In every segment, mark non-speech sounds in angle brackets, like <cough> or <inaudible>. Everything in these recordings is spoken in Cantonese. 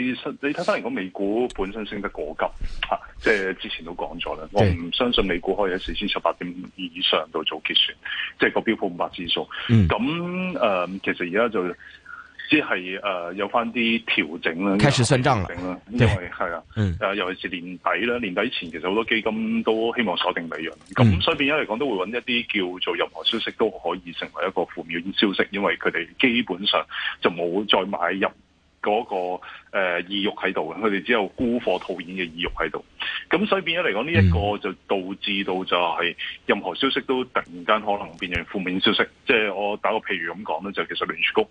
其實你睇翻嚟講，美股本身升得過急，吓、啊，即係之前都講咗啦，我唔相信美股可以喺四千十八點五以上度做結算，即係個標普五百指數。咁誒、嗯呃，其實而家就即係誒有翻啲調整啦，調整啦，對因為係啊，誒、嗯呃，尤其是年底啦，年底前其實好多基金都希望鎖定利潤。咁所以變咗嚟講，都會揾一啲叫做任何消息都可以成為一個負面消息，因為佢哋基本上就冇再買入。嗰、那個誒、呃、意欲喺度嘅，佢哋只有沽貨套現嘅意欲喺度，咁所以變咗嚟講，呢、這、一個就導致到就係任何消息都突然間可能變成負面消息。即係我打個譬如咁講咧，就是、其實聯儲局。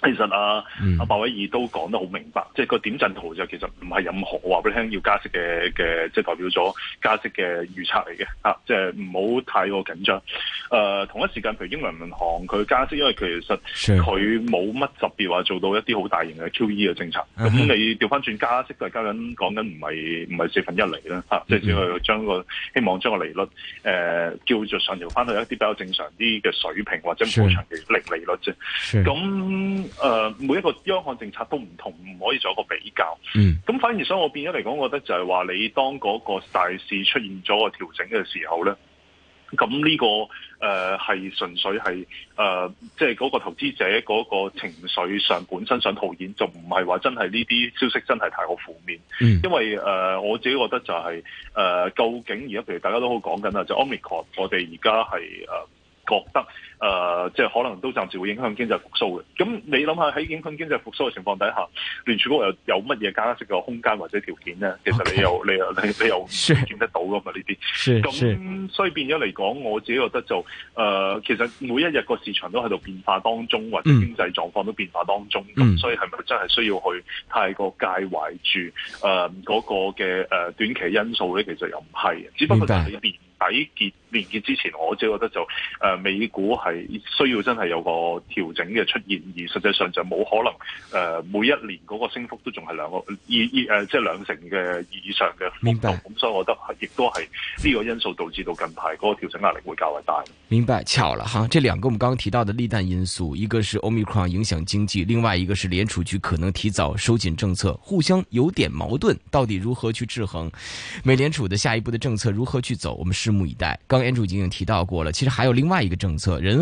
其實啊，阿、嗯、鮑威爾都講得好明白，即、就、係、是、個點陣圖就其實唔係任何我話俾你聽要加息嘅嘅，即係、就是、代表咗加息嘅預測嚟嘅嚇，即係唔好太過緊張。誒、呃、同一時間，譬如英倫銀行佢加息，因為其實佢冇乜特別話做到一啲好大型嘅 QE 嘅政策。咁、啊、你調翻轉加息都係加緊講緊，唔係唔係四分一厘啦嚇，即係只係將個希望將個利率誒、呃、叫做上調翻去一啲比較正常啲嘅水平或者長期零利率啫。咁誒、呃，每一個央行政策都唔同，唔可以做一個比較。嗯，咁反而所以，我變咗嚟講，我覺得就係話，你當嗰個大市出現咗個調整嘅時候咧，咁呢、這個誒係、呃、純粹係誒，即係嗰個投資者嗰個情緒上本身想套現，就唔係話真係呢啲消息真係太過負面。嗯，因為誒、呃、我自己覺得就係、是、誒、呃，究竟而家譬如大家都好講緊啦，就是、Omicron，我哋而家係誒覺得。誒、呃，即係可能都暫時會影響經濟復甦嘅。咁你諗下喺影響經濟復甦嘅情況底下，聯儲局又有乜嘢加息嘅空間或者條件咧？其實你又 Okay. 你又你又，Sure. 你又見得到㗎嘛？呢啲咁，所以變咗嚟講，我自己覺得就誒、呃，其實每一日個市場都喺度變化當中，或者經濟狀況都變化當中。咁、mm. 所以係咪真係需要去太過介懷住誒嗰個嘅誒短期因素咧？其實又唔係，只不過就係年底結年結之前，我自己覺得就誒、呃、美股係需要真係有個調整嘅出現，而實際上就冇可能誒、呃，每一年嗰個升幅都仲係兩個以以誒、呃，即係兩成嘅以上嘅。明白，咁、嗯、所以我覺得亦都係呢個因素導致到近排嗰個調整壓力會較為大。明白，巧了哈，這兩個我們剛剛提到的利淡因素，一個是 Omicron 影響經濟，另外一個是聯儲局可能提早收緊政策，互相有點矛盾。到底如何去制衡？美聯儲的下一步的政策如何去走？我們拭目以待。剛 Andrew 已經提到過了，其實還有另外一個政策，人。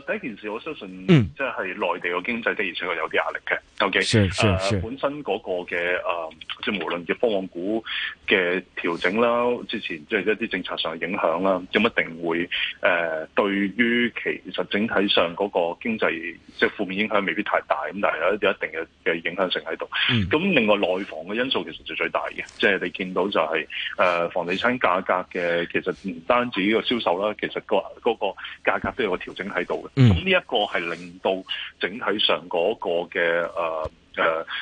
第一件事，我相信、嗯、即係內地個經濟的，的，而且係有啲壓力嘅。O K，呃、本身嗰個嘅誒、呃，即係無論嘅方股嘅調整啦，之前即係一啲政策上嘅影響啦，咁一定會誒、呃、對於其實整體上嗰個經濟即係負面影響未必太大，咁但係有一定嘅嘅影響性喺度。咁、嗯、另外內房嘅因素其實就最大嘅，即係你見到就係、是、誒、呃、房地產價格嘅，其實唔單止呢個銷售啦，其實、個、嗰個價格都有個調整喺度。咁呢一個係令到整體上嗰個嘅誒。誒誒，內、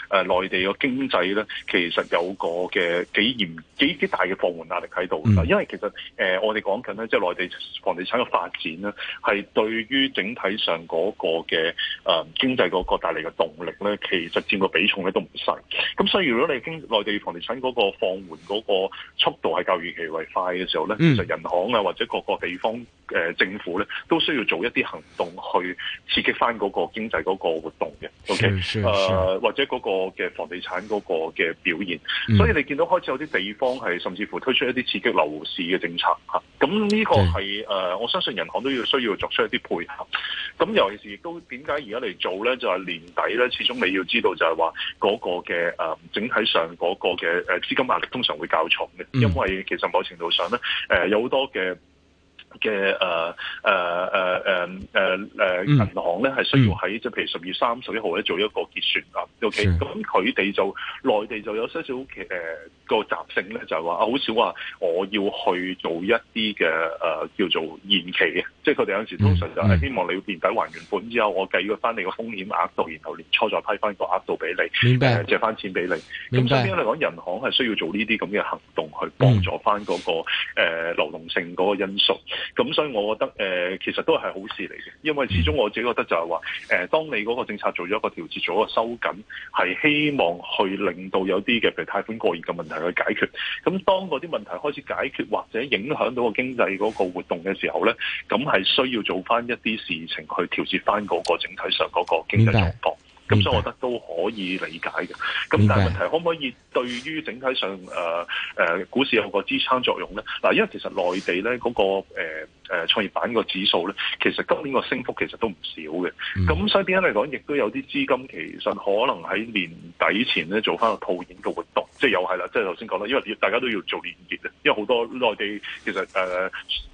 呃呃、地個經濟咧，其實有個嘅幾嚴，幾，幾大嘅放緩壓力喺度，嗯、因為其實、呃、我哋講緊咧，即係內地房地產嘅發展咧，係對於整體上嗰個嘅、呃、經濟嗰個帶嚟嘅動力咧，其實佔個比重咧都唔細。咁所以如果你經內地房地產嗰個放緩嗰個速度係較預期為快嘅時候咧，其實、嗯、人行啊或者各個地方、呃、政府咧，都需要做一啲行動去刺激翻嗰個經濟嗰個活動嘅。O、okay？K，或者嗰個嘅房地產嗰個嘅表現，所以你見到開始有啲地方係甚至乎推出一啲刺激樓市嘅政策嚇，咁呢個係誒，嗯、我相信人行都要需要作出一啲配合。咁尤其是亦都點解而家嚟做咧？就係、是、年底咧，始終你要知道就係話嗰個嘅誒整體上嗰個嘅誒資金壓力通常會較重嘅，因為其實某程度上咧誒有好多嘅。嘅誒誒誒誒誒銀行咧，係、嗯、需要喺即譬如十月三十一號咧做一個結算啊。嗯、OK，咁佢哋就內地就有些少少誒、呃、個習性咧，就係話啊，好少話我要去做一啲嘅誒叫做延期嘅，即係佢哋有時通常就係、是嗯嗯、希望你要年底還完本之後，我計佢翻你個風險額度，然後年初再批翻個額度俾你，借翻錢俾你。明白。咁首先嚟講，銀行係需要做呢啲咁嘅行動去幫助翻、那、嗰個、嗯呃、流動性嗰個因素。咁所以，我覺得誒、呃，其實都係好事嚟嘅，因為始終我自己覺得就係話，誒、呃，當你嗰個政策做咗一個調節，做一個收緊，係希望去令到有啲嘅，譬如貸款過熱嘅問題去解決。咁當嗰啲問題開始解決，或者影響到個經濟嗰個活動嘅時候咧，咁係需要做翻一啲事情去調節翻嗰個整體上嗰個經濟狀況。咁、嗯、所以，我覺得都可以理解嘅。咁但係問題，可唔可以對於整體上誒誒、呃呃、股市有個支撐作用咧？嗱，因為其實內地咧、那、嗰個誒創、呃、創業板個指數咧，其實今年個升幅其實都唔少嘅。咁所以，邊啲嚟講，亦都有啲資金其實可能喺年底前咧做翻個套現嘅活動，即係又係啦，即係頭先講啦，因為大家都要做連結啊，因為好多內地其實誒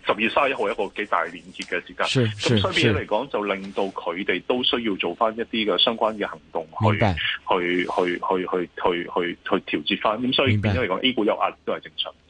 十二月三十一號一個幾大連結嘅時間。咁所以，邊嚟講就令到佢哋都需要做翻一啲嘅相關嘅。行動去白去去去去去去調節翻，咁所以變咗嚟講，A 股有壓力都係正常。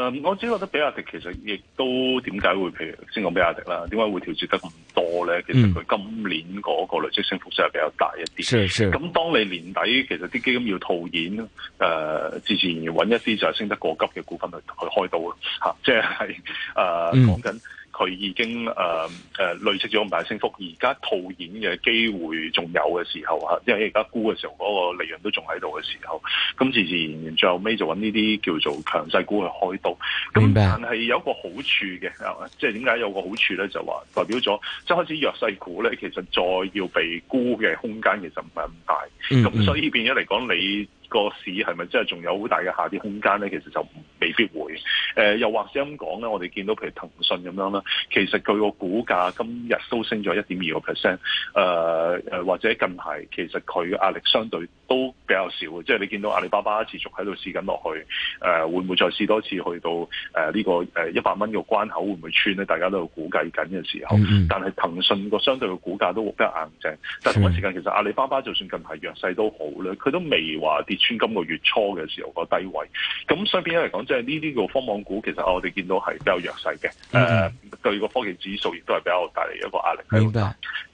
誒、嗯，我只覺得比亞迪其實亦都點解會，譬如先講比亞迪啦，點解會調節得咁多咧？其實佢今年嗰個累積升幅實係比較大一啲。咁、嗯、當你年底其實啲基金要套現，誒、呃，之前要揾一啲就係升得過急嘅股份去去開刀咯。即係係誒講緊。佢已經誒誒、呃呃、累積咗咁大升幅，而家套現嘅機會仲有嘅時候啊，因為而家沽嘅時候嗰、那個利潤都仲喺度嘅時候，咁自自然然最後尾就揾呢啲叫做強勢股去開刀。咁但係有個好處嘅，即係點解有個好處咧？就話代表咗即係開始弱勢股咧，其實再要被沽嘅空間其實唔係咁大。咁所以變咗嚟講你。個市係咪真係仲有好大嘅下跌空間咧？其實就未必會。誒、呃、又或者咁講咧，我哋見到譬如騰訊咁樣啦，其實佢個股價今日都升咗一點二個 percent。誒、呃、誒，或者近排其實佢嘅壓力相對都比較少，即係你見到阿里巴巴持續喺度試緊落去。誒、呃、會唔會再試多次去到誒呢、呃這個誒一百蚊嘅關口會唔會穿咧？大家都喺度估計緊嘅時候。嗯嗯，但係騰訊個相對嘅股價都會比較硬淨。但同一時間，的其實阿里巴巴就算近排弱勢都好咧，佢都未話跌穿今個月初嘅時候個低位，咁相比較嚟講，即係呢啲個科網股，其實我哋見到係比較弱勢嘅，誒，對個科技指數亦都係比較大嚟一個壓力。明白。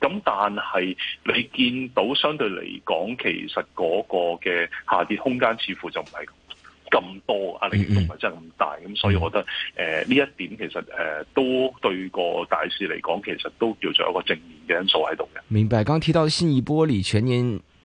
咁但係你見到相對嚟講，其實嗰個嘅下跌空間似乎就唔係咁多壓力，壓力亦都唔係真係咁大。咁所以我覺得，誒、嗯，呢、呃、一點其實誒，都、呃、對個大市嚟講，其實都叫做一個正面嘅因素喺度嘅。明白。剛提到的信義玻璃全年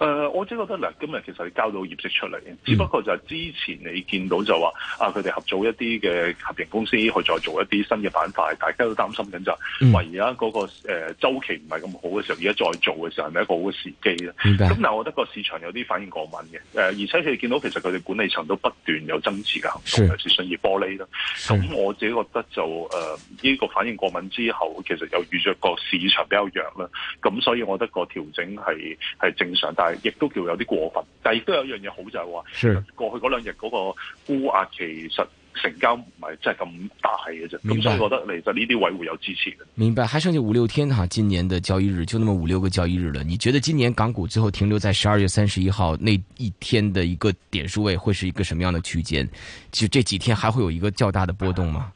誒、呃，我只覺得嗱，今日其實你交到業績出嚟，只不過就係之前你見到就話、嗯、啊，佢哋合組一啲嘅合營公司去再做一啲新嘅板塊，大家都擔心緊就係、是，話而家嗰個、呃、周期唔係咁好嘅時候，而家再做嘅時候係咪一個好嘅時機咧？咁白但係我覺得個市場有啲反應過敏嘅，誒、呃，而且你見到其實佢哋管理層都不斷有增持嘅行動，是尤其是商業玻璃啦。咁是我自己覺得就誒，呢、呃、這個反應過敏之後，其實又預著個市場比較弱啦。咁所以我覺得個調整係係正常，但亦都叫有啲過分，但係亦都有一樣嘢好就係、是、話，過去嗰兩日嗰個沽壓其實成交唔係真係咁大嘅啫，咁所以覺得其實呢啲位會有支持嘅。明白，還剩下五六天哈、啊，今年的交易日就那麼五六個交易日了。你覺得今年港股最後停留在十二月三十一號那一天的一個點數位會是一個什麼樣的區間？其實這幾天還會有一個較大的波動嗎？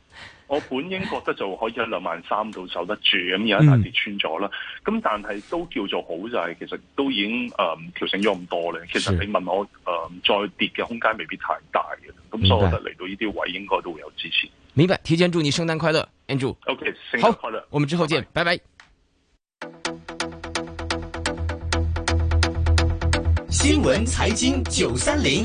<noise> 我本應覺得就可以喺兩萬三度受得住咁，而家大跌穿咗啦。咁、嗯、但係都叫做好，就係其實都已經誒調、呃、整咗咁多咧。其實你問我誒、呃、再跌嘅空間未必太大嘅，咁所以我覺得嚟到呢啲位應該都會有支持。明白，提前祝你聖誕快樂，Andrew。OK，快好，我們之後見，拜拜。拜拜。新聞財經九三零。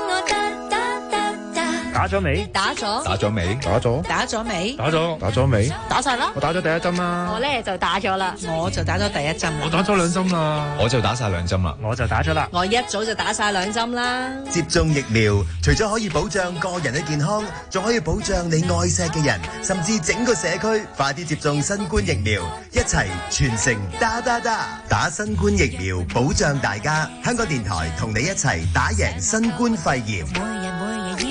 打咗未？打咗。打咗未？打咗。打咗未？打咗。打咗未？打晒啦！我打咗第一針啦。我呢就打咗啦，我就打咗第一針啦。我打咗兩針啦，我就打晒兩針啦，我就打咗啦。我一早就打晒兩針啦。接種疫苗，除咗可以保障個人嘅健康，仲可以保障你愛錫嘅人，甚至整個社區，快啲接種新冠疫苗，一齊全城打打打，打新冠疫苗保障大家。香港電台同你一齊打贏新冠肺炎。每日每日。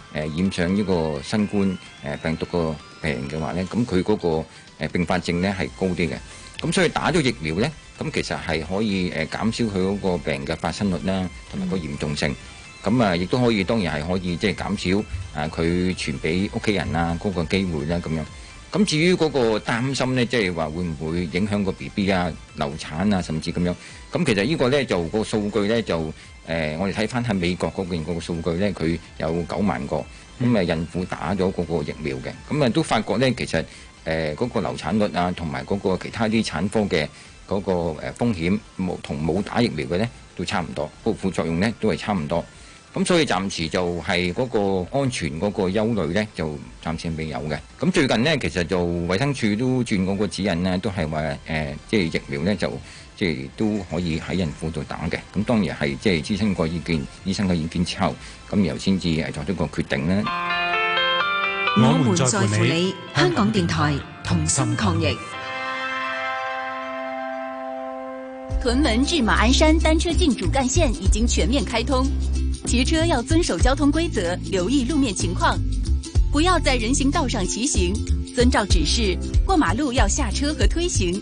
誒染上呢個新冠誒病毒個病嘅話咧，咁佢嗰個誒併發症咧係高啲嘅。咁所以打咗疫苗咧，咁其實係可以誒減少佢嗰個病嘅發生率啦，同埋個嚴重性。咁啊，亦都可以當然係可以即係減少啊佢傳俾屋企人啊嗰個機會啦咁樣。咁至於嗰個擔心咧，即係話會唔會影響個 BB 啊、流產啊，甚至咁樣。咁其實呢個咧就個數據咧就。誒、呃，我哋睇翻喺美國嗰邊嗰個數據咧，佢有九萬個咁啊、嗯，孕婦打咗嗰個疫苗嘅，咁、嗯、啊都發覺咧，其實誒嗰、呃那個流產率啊，同埋嗰個其他啲產科嘅嗰個誒風險冇同冇打疫苗嘅咧都差唔多，個副作用咧都係差唔多，咁、嗯、所以暫時就係嗰個安全嗰個憂慮咧就暫時未有嘅。咁、嗯、最近呢，其實就衞生署都轉嗰個指引啊，都係話誒，即係疫苗咧就。即係都可以喺孕婦度打嘅，咁當然係即係諮詢過意見，醫生嘅意見之後，咁然後先至係作出個決定呢。我們在乎你，香港電台同心抗疫。屯門至馬鞍山單車徑主幹線已經全面開通，騎車要遵守交通規則，留意路面情況，不要在人行道上騎行，遵照指示，過馬路要下車和推行。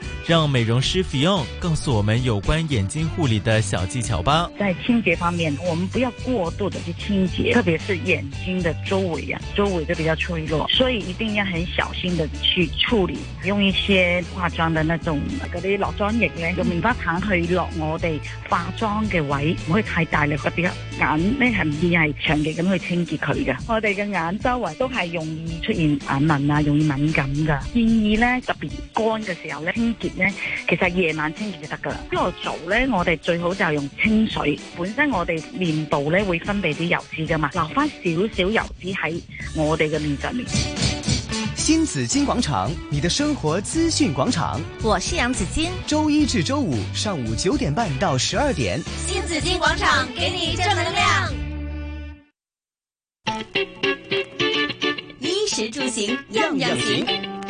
讓美容師 Fiona，告訴我們有關眼睛護理的小技巧吧。在清潔方面，我們不要過度的去清潔，特別是眼睛的周圍啊，周圍都比較脆弱，所以一定要很小心的去處理。用一些化妝的那種嗰啲落妝液呢，用棉花糖去落我哋化妝嘅位，唔可以太大力嗰比啊。眼呢，係唔宜係長期咁去清潔佢嘅。我哋嘅眼周圍都係容易出現眼紋啊，容易敏感噶。建議呢，特別乾嘅時候咧清潔。其實夜晚清潔就得噶啦。為呢為做咧，我哋最好就係用清水。本身我哋面部咧會分泌啲油脂噶嘛，留翻少少油脂喺我哋嘅面上面。新紫荊廣場，你的生活資訊廣場。我是楊子矜，周一至周五上午九點半到十二點。新紫荊廣場，給你正能量。衣食住行，樣樣行。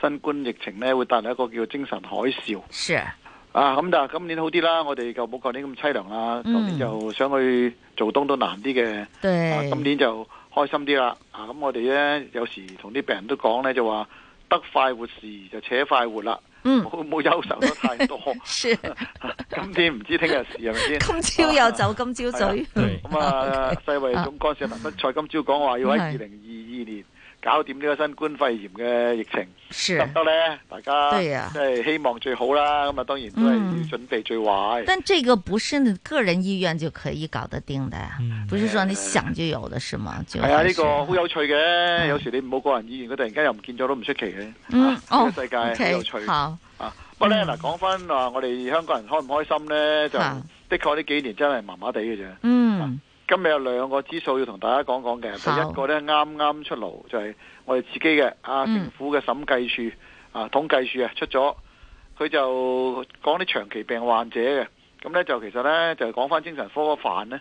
新冠疫情咧會帶嚟一個叫精神海嘯。啊，咁但係今年好啲啦，我哋就冇舊年咁凄涼啦。舊、嗯、年就想去做東都難啲嘅、啊，今年就開心啲啦。啊咁、嗯、我哋咧有時同啲病人都講咧就話得快活時就且快活啦，冇冇、嗯、憂愁得太多。啊、今天唔知聽日事係咪先？今朝有酒今朝醉。咁啊，啊，、嗯 okay. 啊，世衛總幹事譚德塞今朝講話要喺二零二二年。搞掂呢個新冠肺炎嘅疫情得唔得咧？大家即係希望最好啦。咁啊，當然都係準備最壞。但係呢個不是個人意願就可以搞得掂的呀。不是說你想就有嘅，是嗎？係啊，呢個好有趣嘅。有時你唔好個人意願，佢突然間又唔見咗，都唔出奇嘅。哦，世界有趣啊。不過呢，嗱，講翻啊，我哋香港人開唔開心呢？就的確呢幾年真係麻麻地嘅啫。嗯。今日有兩個指數要同大家講講嘅，第一個呢，啱啱出爐就係、是、我哋自己嘅，啊、嗯、政府嘅審計處啊統計處啊出咗，佢就講啲長期病患者嘅，咁呢，就其實呢，就係講翻精神科嘅範呢，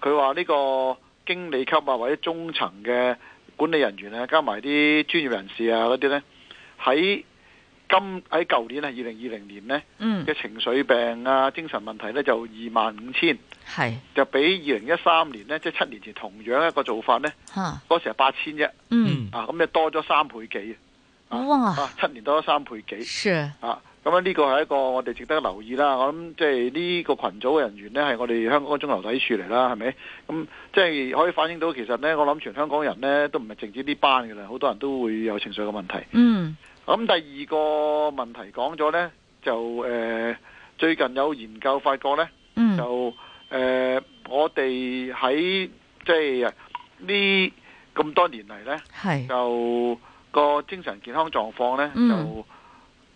佢話呢個經理級啊或者中層嘅管理人員啊，加埋啲專業人士啊嗰啲呢，喺今喺舊年係二零二零年呢嘅、嗯、情緒病啊精神問題呢，就二萬五千。係，是就比二零一三年呢，即係七年前同樣一個做法呢，嗰哈時係八千啫，嗯啊，啊，咁就多咗三倍幾，哇、啊，七年多咗三倍幾，是啊，咁啊呢個係一個我哋值得留意啦。我諗即係呢個群組嘅人員呢，係我哋香港中流體處嚟啦，係咪？咁即係可以反映到，其實呢，我諗全香港人呢都唔係淨止呢班噶啦，好多人都會有情緒嘅問題。嗯，咁、啊、第二個問題講咗呢，就誒、呃、最近有研究發覺呢。嗯、就。誒、呃，我哋喺即係呢咁多年嚟咧，是就個精神健康狀況咧，嗯、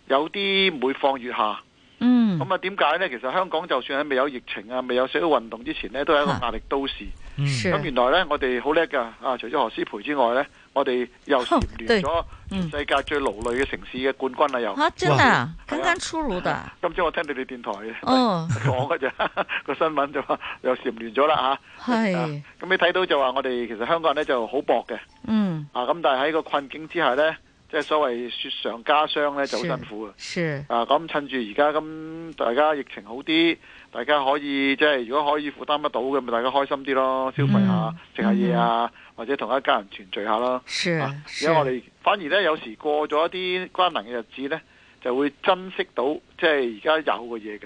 就有啲每況愈下。咁啊、嗯，點解咧？其實香港就算喺未有疫情啊，未有社會運動之前咧，都係一個壓力都市。咁、嗯、原來咧，我哋好叻噶啊！除咗何詩蓓之外咧，我哋又蟬聯咗全世界最勞累嘅城市嘅冠軍啦，又嚇真啊，啱啱出爐噶！ <laughs> 今朝我聽到你電台哦講嘅咋，個 <laughs> <laughs> 新聞就話又蟬聯咗啦吓。咁、啊是啊、你睇到就話我哋其實香港人咧就好搏嘅。嗯啊咁但係喺個困境之下咧。即係所謂雪上加霜咧，就好辛苦嘞啊！啊，咁趁住而家咁大家疫情好啲，大家可以即係如果可以負擔得到嘅，咪大家開心啲咯，消費一下、食、嗯、下嘢啊，嗯、或者同一家人團聚一下咯。而家是、啊、我哋是反而咧，有時過咗一啲艱難嘅日子咧，就會珍惜到即係而家有嘅嘢嘅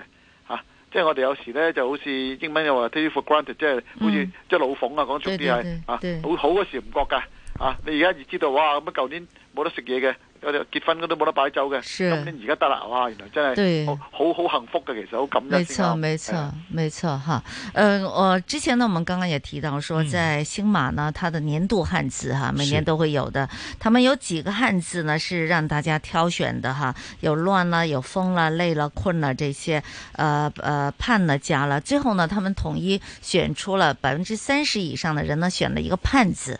嚇。即係、啊、我哋有時咧就好似英文又話 take for granted，即係好似即係老馮啊講俗啲係嚇，好好嗰時唔覺㗎嚇、啊，你而家越知道哇咁啊，舊年。冇得食嘢嘅，有啲結婚都冇得擺酒嘅，咁而家得啦，哇！原來真係好對好好，好幸福嘅，其實感好感恩冇錯冇、哎、呀錯冇錯哈，嗯、啊呃，我之前呢，我們剛剛也提到，說在星馬呢，它的年度漢字哈、啊，每年都會有的。是他們有幾個漢字呢，是讓大家挑選的哈、啊，有亂啦，有瘋啦，累了困啦這些，呃呃，盼了家了。最後呢，他們統一選出了百分之三十以上的人呢，選了一個盼字。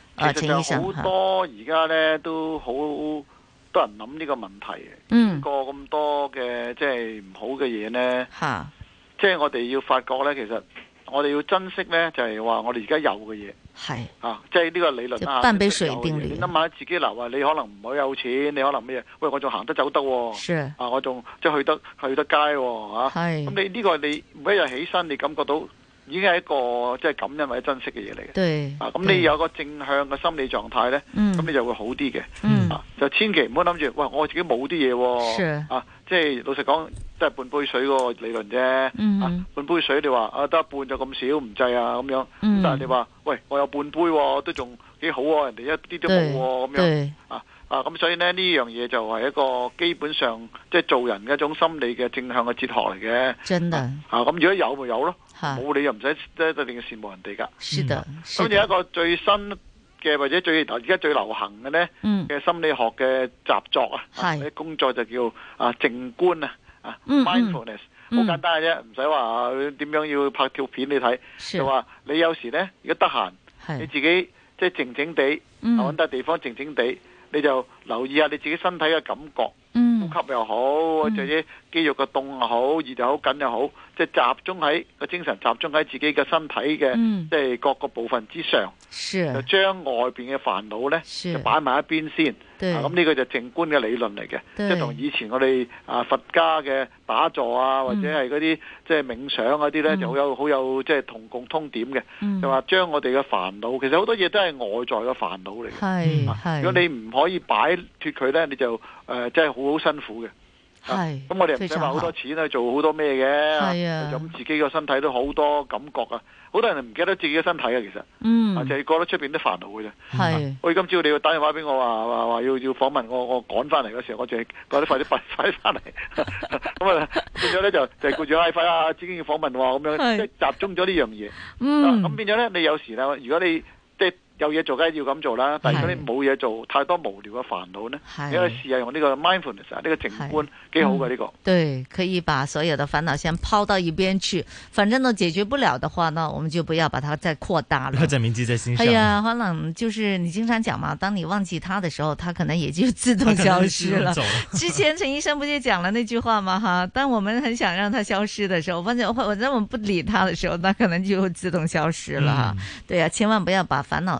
其實就好多而家咧，都好多人諗呢個問題。嗯，過咁多嘅、就是啊、即係唔好嘅嘢咧，吓，即係我哋要發覺咧。其實我哋要珍惜咧，就係、是、話我哋而家有嘅嘢係啊。即係呢個理論啊，半杯水，你諗下自己。嗱，話你可能唔好有錢，你可能咩嘢？喂，我仲行得走得、哦，是啊，我仲即係去得去得街、哦，吓是。咁、啊、你呢、這個你每一日起身，你感覺到。已經係一個即係感恩或者珍惜嘅嘢嚟嘅。啊，咁你有個正向嘅心理狀態呢，咁、嗯、你就會好啲嘅。嗯、啊，就千祈唔好諗住，喂，我自己冇啲嘢喎。是啊，即係老實講，都係半杯水嘅理論啫、嗯啊。半杯水你話，你話啊，得半就咁少唔制啊咁樣。嗯、但係你話，喂，我有半杯、哦、都仲幾好啊，人哋一啲都冇咁、哦、對樣對啊。啊，咁所以咧呢樣嘢就係一個基本上即係做人嘅一種心理嘅正向嘅哲學嚟嘅。真啊，咁如果有咪有咯，冇你又唔使即一定要羨慕人哋噶。是的。咁有一個最新嘅或者最而家最流行嘅咧，嘅心理學嘅習作啊，啲工作就叫啊靜觀啊，啊 mindfulness，好簡單嘅啫，唔使話點樣要拍條片你睇，就話你有時咧如果得閒，你自己即係靜靜地，揾笪地方靜靜地。你就留意下你自己身體嘅感覺，呼吸又好，或者、嗯。肌肉嘅凍又好，熱又好，緊又好，即係集中喺個精神，集中喺自己嘅身體嘅，即係各個部分之上，嗯、就將外邊嘅煩惱呢是就擺埋一邊先。咁呢對、啊、個就靜觀嘅理論嚟嘅，對即係同以前我哋啊佛家嘅打坐啊，對或者係嗰啲即係冥想嗰啲呢，嗯、就好有好有即係同共通點嘅。嗯、就話將我哋嘅煩惱，其實好多嘢都係外在嘅煩惱嚟嘅。如果你唔可以擺脫佢呢，你就誒、呃、真係好好辛苦嘅。係，咁、啊、我哋唔使花好多錢去做好多咩嘅，咁、啊、自己個身體都好多感覺啊！好多人唔記得自己嘅身體啊，其實，或者、嗯啊就係、覺得出邊啲煩惱嘅啫。係是，我、啊、今朝你要打電話俾我話話話要要訪問我，我趕翻嚟嘅時候，我淨係覺得快啲快啲翻嚟。咁、 <laughs> <laughs> 就係、啊，變咗咧就就顧住快快啊！紫荊要訪問喎，咁樣即係集中咗呢樣嘢。咁變咗咧，你有時咧，如果你。有嘢做梗係要咁做啦，但係如果你冇嘢做，是太多無聊嘅煩惱呢。你可以試下用呢個 mindfulness，呢個靜觀幾是好嘅呢、嗯這個。對，可以把所有的煩惱先拋到一邊去，反正都解決不了的話，那我們就不要把它再擴大了。他名字了他在銘記在心上。哎呀、啊，煩惱就是你經常講嘛，當你忘記它的時候，它可能也就自動消失了。 <laughs> 之前陳醫生不就講了那句話嘛，哈！當我們很想讓它消失的時候，或者我我我們不理它的時候，它可能就自動消失了。哈、嗯，對啊，千萬不要把煩惱。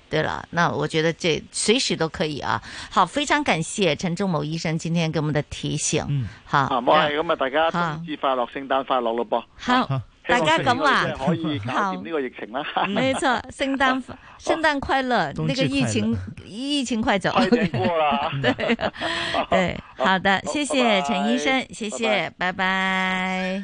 對了，那我覺得這隨時都可以啊。好，非常感謝陳仲謀醫生今天給我們的提醒。嗯，好。唔好係咁啊，大家祝你快樂，聖誕快樂咯啵。好，大家咁話可以搞掂呢個疫情啦。沒錯，聖誕聖誕快樂，那個疫情疫情快走。對，好的，謝謝陳醫生，謝謝，拜拜。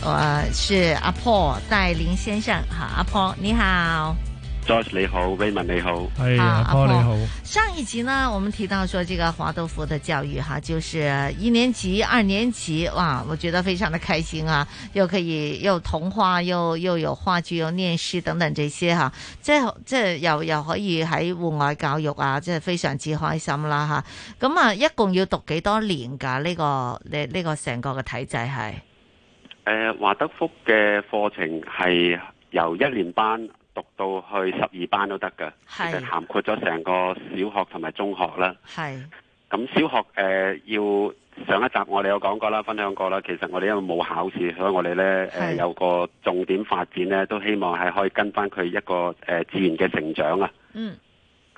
我是阿婆戴麟先生，哈、啊，阿婆你好，Joyce 你好，Raymond 你好，係、啊啊、阿婆你好。上一集呢，我們提到說這個華德福的教育，哈，就是一年級、二年級哇，我覺得非常的開心啊，又可以又童話，又又有話劇，又念詩等等這些，哈，即係即係又又可以喺戶外教育啊，即係非常之開心啦，哈。咁啊，一共要讀幾多年噶？呢、這個呢呢、這個成、這個嘅體制係？誒、呃、華德福嘅課程係由一年班讀到去十二班都得㗎，即係是涵括咗成個小學同埋中學啦。係咁是小學誒，要、呃、上一集我哋有講過啦，分享過啦。其實我哋因為冇考試，所以我哋咧，誒有個重點發展咧，都希望係可以跟翻佢一個誒、呃、自然嘅成長啊。嗯。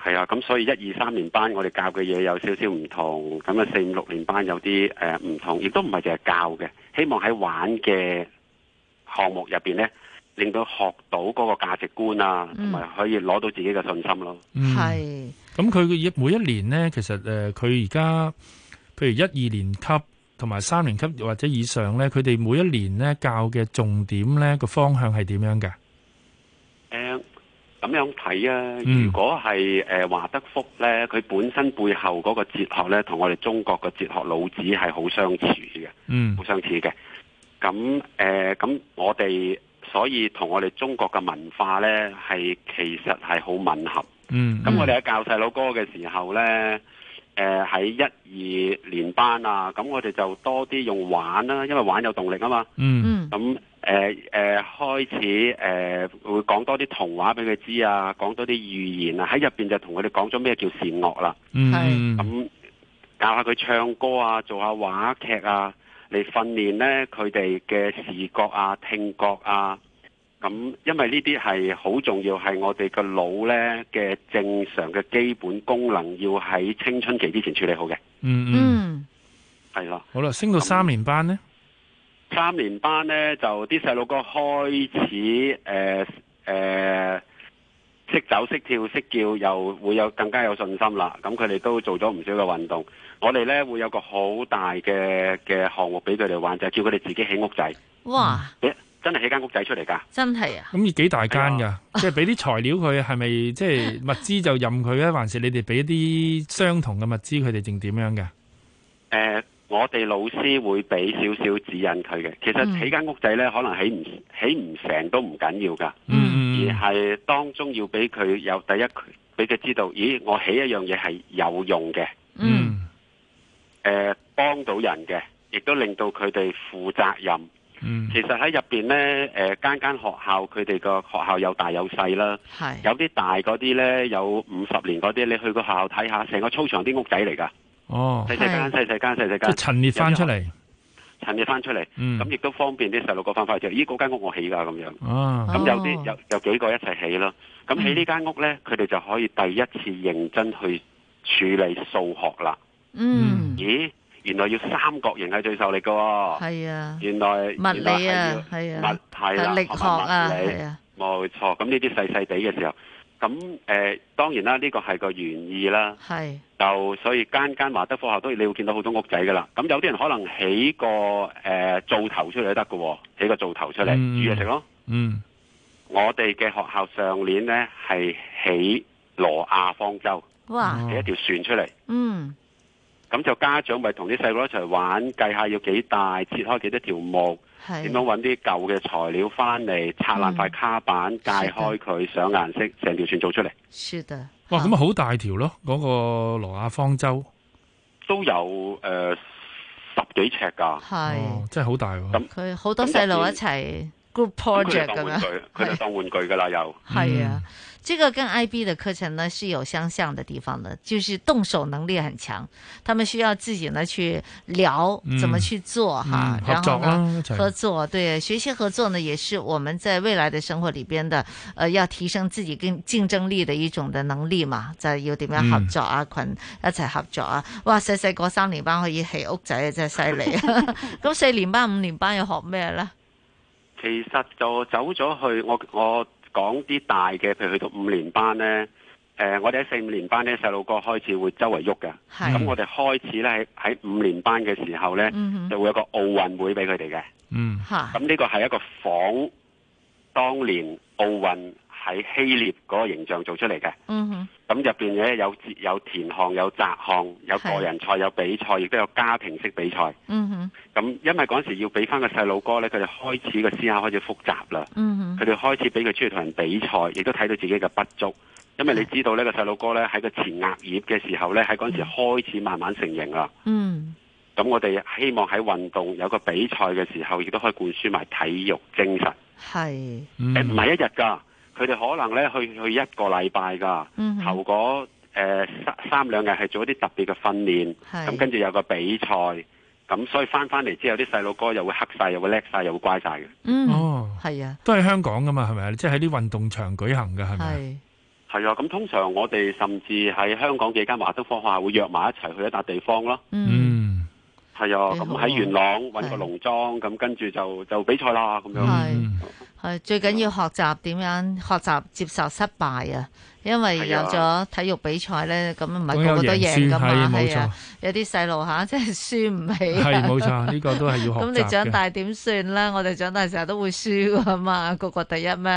係啊，咁所以一二三年班我哋教嘅嘢有少少唔同，咁啊四五六年班有啲誒唔同，亦都唔係淨係教嘅，希望喺玩嘅項目入邊呢，令到學到嗰個價值觀啊，同埋可以攞到自己嘅信心咯、啊。係、嗯。咁佢嘅每一年呢，其實誒，佢而家，譬如一二年級同埋三年級或者以上呢，佢哋每一年呢教嘅重點呢個方向係點樣㗎？誒、嗯。咁樣睇啊！如果係誒、呃、華德福咧，佢本身背後嗰個哲學咧，同我哋中國嘅哲學老子係好相似嘅，嗯，好相似嘅。咁誒，咁、呃、我哋所以同我哋中國嘅文化咧，係其實係好吻合，嗯。咁我哋喺教細佬哥嘅時候咧，誒、呃、喺一二年班啊，咁我哋就多啲用玩啦，因為玩有動力啊嘛，嗯，咁。誒誒、呃呃，開始誒、呃、會講多啲童話俾佢知啊，講多啲寓言啊，喺入邊就同佢哋講咗咩叫善惡啦。Mm hmm. 嗯，咁教下佢唱歌啊，做下話劇啊，嚟訓練咧佢哋嘅視覺啊、聽覺啊。咁、嗯、因為呢啲係好重要，係我哋個腦咧嘅正常嘅基本功能，要喺青春期之前處理好嘅。嗯嗯、mm，係、hmm. 的好啦，升到三年班咧。嗯三年班呢，就啲細路哥開始誒誒識走識跳識叫，又會有更加有信心啦。咁佢哋都做咗唔少嘅運動。我哋呢，會有個好大嘅嘅項目俾佢哋玩，就係、是、叫佢哋自己起屋仔。哇！真係起間屋仔出嚟噶？真係啊！咁要幾大間噶、哎呀？ <laughs> 即係俾啲材料佢，係咪即係物資就任佢咧？還是你哋俾啲相同嘅物資佢哋定點樣嘅？誒、呃。我哋老師會俾少少指引佢嘅，其實起間屋仔呢，可能起唔起唔成都唔緊要噶，嗯、而係當中要俾佢有第一，俾佢知道，咦，我起一樣嘢係有用嘅，誒、嗯，幫、呃、到人嘅，亦都令到佢哋負責任。嗯、其實喺入面呢，誒、呃，間間學校佢哋個學校有大有細啦，是有啲大嗰啲呢，有五十年嗰啲，你去學校看看個學校睇下，成個操場啲屋仔嚟噶。哦，細細間、細細間、細細間，即係陳列翻出嚟，陳列翻出嚟，咁亦都方便啲細路。個翻翻出就，咦，嗰間屋我起噶咁樣。咁有啲有有幾個一齊起咯。咁起呢間屋咧，佢哋就可以第一次認真去處理數學啦。嗯，咦，原來要三角形係最受力噶。係啊，原來物理啊，係啊，力學啊，物理啊，冇錯。咁呢啲細細地嘅時候。咁誒、呃、當然啦，呢個係個原意啦，是就所以間間華德福校都，你會見到好多屋仔噶啦。咁有啲人可能起個誒、呃、灶頭出嚟都得㗎喎，起個灶頭出嚟煮嘢食咯。嗯，我哋嘅學校上年咧係起羅亞方舟，哇，起一條船出嚟。嗯，咁就家長咪同啲細路一齊玩，計下要幾大，切開幾多條木。點是樣搵啲舊嘅材料翻嚟拆爛塊卡板，解開佢上顏色，成條船做出嚟。是的。哇，咁啊好大條咯，嗰、那個挪亞方舟都有誒、呃、十幾尺㗎，係是、哦、真係好大啊。咁佢好多細路一齊 group project 佢就是、他當玩具，佢就的當玩具㗎喇的又，又。係啊的。嗯這個跟 IB 的課程呢是有相像的地方的，就是動手能力很強，他們需要自己呢去聊，嗯、怎麼去做哈，嗯、然後合作啊起合作，對學習合作呢也是我們在未來的生活裏邊的，呃要提升自己跟競爭力的一種的能力嘛，就係要點樣合作啊，群、嗯、一齊合作啊，哇細細個三年班可以起屋仔啊，真係犀利啊，咁 <laughs> <laughs> 四年班五年班又學咩呢？其實就走咗去我我。我講啲大嘅，譬如去到五年班呢。誒、呃，我哋喺四五年班呢，細路哥開始會周圍喐噶，咁是我哋開始呢，喺喺五年班嘅時候呢，嗯、哼就會有個奧運會俾佢哋嘅，咁呢個係一個仿、嗯、當年奧運。喺希臘嗰個形象做出嚟嘅，咁入、嗯、哼面咧有有田項、有擲項、有個人賽、的有比賽，亦都有家庭式比賽。咁、嗯、哼因為嗰陣時要俾翻個細路哥咧，佢哋開始個思考開始複雜啦。佢哋、嗯、哼開始俾佢出去同人比賽，亦都睇到自己嘅不足。因為你知道呢、呢個細路哥咧喺個前額葉嘅時候咧，喺嗰陣時開始慢慢成形啦。咁、嗯、我哋希望喺運動有個比賽嘅時候，亦都可以灌輸埋體育精神。係，誒，唔係一日㗎。佢哋可能咧去去一個禮拜噶，嗯、哼頭嗰誒、呃、三三兩日係做一啲特別嘅訓練，咁是跟住有個比賽，咁所以翻翻嚟之後，啲細路哥又會黑晒，又會叻晒，又會乖晒。嘅。嗯，哦，係啊，都係香港噶嘛，係咪啊？即係喺啲運動場舉行噶係咪？係是啊，咁通常我哋甚至喺香港幾間華德福學校會約埋一齊去一笪地方咯。嗯，係啊，咁喺元朗揾個農莊，咁是跟住就就比賽啦，咁是樣。係最緊要學習點樣學習接受失敗啊！因為有咗體育比賽咧，咁唔係個個都贏噶嘛，係啊，啊。有啲細路吓真係輸唔起啊！係冇錯，呢個都係要學習嘅。咁 <laughs> 你長大點算咧？我哋長大時候都會輸噶嘛，個個第一咩？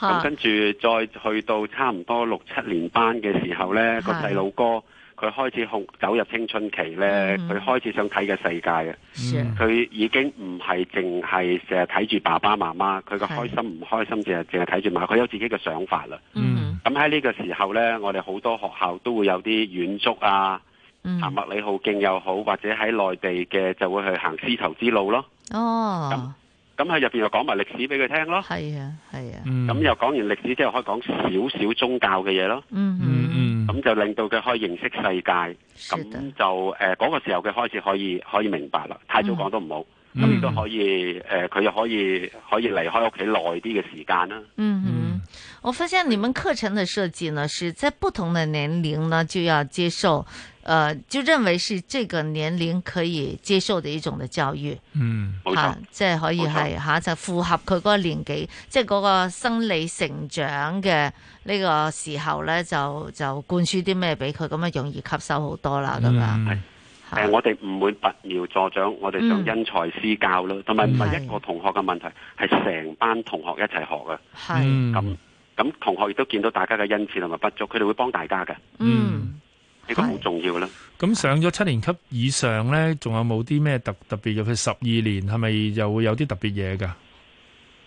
咁 <laughs> <laughs> 跟住再去到差唔多六七年班嘅時候咧，個細佬哥。佢開始紅走入青春期呢，佢、mm hmm. 開始想睇嘅世界啊！佢、mm hmm. 已經唔係淨係成日睇住爸爸媽媽，佢嘅開心唔開心，淨係淨係睇住埋，佢有自己嘅想法啦。咁喺呢個時候呢，我哋好多學校都會有啲遠足啊，行麥理浩徑又好，或者喺內地嘅就會去行絲綢之路咯。哦、oh.。咁喺入邊又講埋歷史俾佢聽咯，係啊係啊，咁、啊、又講完歷史之後可以講少少宗教嘅嘢咯，嗯嗯，咁就令到佢可以認識世界，咁的就誒嗰、呃那個時候佢開始可以可以明白啦，太早講都唔好，咁亦都可以誒佢、嗯呃、又可以可以離開屋企耐啲嘅時間啦。嗯嗯，我發現你們課程嘅設計呢，是在不同的年齡呢就要接受。誒，就認為是這個年齡可以接受的一種的教育，嗯，冇錯，即係可以係吓，就符合佢嗰個年紀，即係嗰個生理成長嘅呢個時候咧，就就灌輸啲咩俾佢，咁啊容易吸收好多啦，咁樣。誒，我哋唔會拔苗助長，我哋就因材施教咯，同埋唔係一個同學嘅問題，係成班同學一齊學嘅，係咁咁同學亦都見到大家嘅恩賜同埋不足，佢哋會幫大家嘅，嗯。呢個好重要啦！咁上咗七年級以上呢，仲有冇啲咩特特別？尤其十二年，係咪又會有啲特別嘢噶？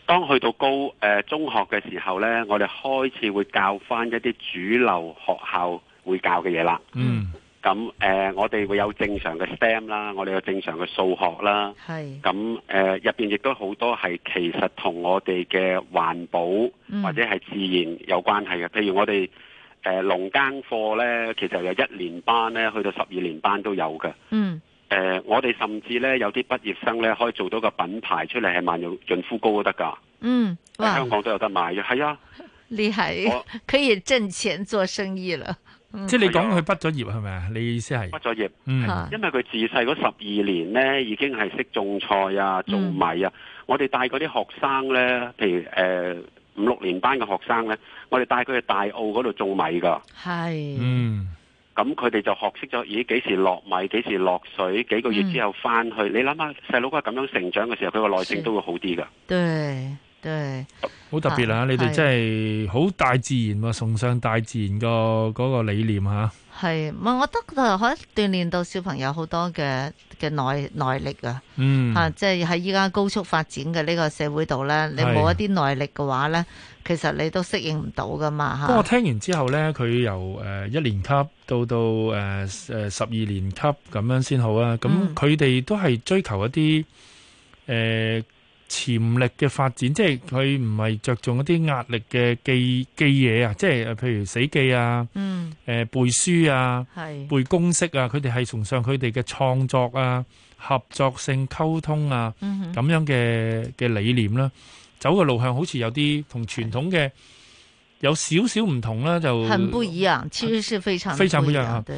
當去到高誒、呃、中學嘅時候呢，我哋開始會教翻一啲主流學校會教嘅嘢啦。嗯。咁誒、呃，我哋會有正常嘅 STEM 啦，我哋有正常嘅數學啦。係是。咁誒，入邊亦都好多係其實同我哋嘅環保或者係自然有關係嘅，嗯、譬如我哋。誒農、呃、耕課咧，其實有一年班咧，去到十二年班都有嘅。嗯。誒、呃，我哋甚至咧有啲畢業生咧，可以做到個品牌出嚟係萬用潤膚膏都得㗎。嗯。香港都有得賣嘅。係啊。你係厲害，我可以掙錢做生意啦。即係你講佢畢咗業係咪啊？你意思係畢咗業。嗯。因為佢自細嗰十二年咧，已經係識種菜啊、種米啊。嗯、我哋帶嗰啲學生咧，譬如誒、呃、五六年班嘅學生咧。我哋帶佢去大澳嗰度種米噶，係。嗯，咁佢哋就學識咗，咦，幾時落米，幾時落水，幾個月之後翻去，嗯、你諗下，細佬哥係咁樣成長嘅時候，佢個耐性都會好啲噶。對對，好、啊、特別啊！你哋真係好大自然嘛、啊，崇尚大自然個嗰個理念啊。係，唔係我覺得可以鍛鍊到小朋友好多嘅嘅耐耐力啊！嗯，嚇、啊，即係喺依家高速發展嘅呢個社會度咧，你冇一啲耐力嘅話咧，是其實你都適應唔到噶嘛嚇。不過我聽完之後咧，佢由誒一、呃、年級到到誒誒十二年級咁樣先好啦、啊。咁佢哋都係追求一啲誒。呃潛力嘅發展，即係佢唔係着重一啲壓力嘅記記嘢啊，即係譬如死記啊，誒、嗯呃、背書啊，是背公式啊，佢哋係崇尚佢哋嘅創作啊、合作性溝通啊，咁、嗯、哼樣嘅嘅理念啦，走嘅路向好似有啲同傳統嘅、嗯、有少少唔同啦，就很不一樣，其實是非常非常不一樣。對，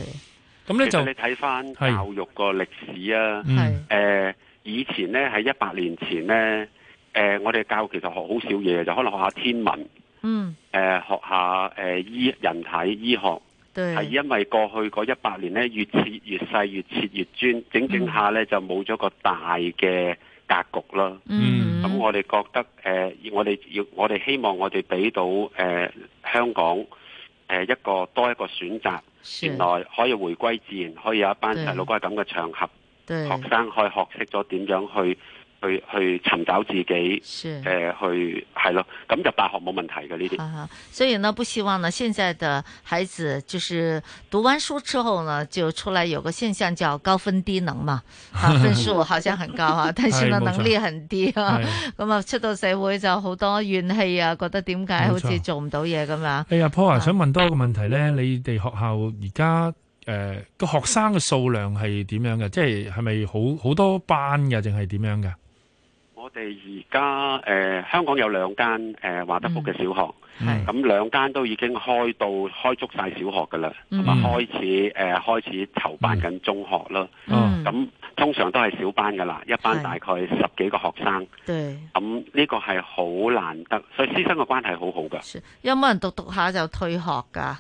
咁咧對就你睇翻教育個歷史啊，誒是。嗯欸以前咧，喺一百年前咧，誒、呃，我哋教其實學好少嘢，就可能學下天文，嗯，誒、呃，學下誒醫、呃、人體醫學，係對因為過去嗰一百年咧，越切越細，越切越專，整整下咧、嗯、就冇咗個大嘅格局啦。嗯，咁我哋覺得誒、呃，我哋要我哋希望我哋俾到誒、呃、香港誒一個多一個選擇，是原來可以回歸自然，可以有一班細路哥係咁嘅場合。學生可以學識咗點樣去去去尋找自己，誒，去係咯，咁入大學冇問題嘅呢啲。所以呢，不希望呢，現在的孩子就是讀完書之後呢，就出來有個現象叫高分低能嘛，分數好像很高啊，但是呢能力很低啊。咁啊，出到社會就好多怨氣啊，覺得點解好似做唔到嘢咁啊？哎呀，想問多一個問題呢，你哋學校而家？誒個、呃、學生嘅數量係點樣嘅？即係係咪好好多班嘅，定係點樣嘅？我哋而家誒香港有兩間誒、呃、華德福嘅小學，咁、嗯、兩間都已經開到開足晒小學噶啦，同埋、嗯、開始誒、呃、開始籌辦緊中學啦。嗯，咁通常都係小班噶啦，一班大概十幾個學生。對，咁呢個係好難得，所以師生嘅關係好好噶。有冇人讀讀下就退學㗎？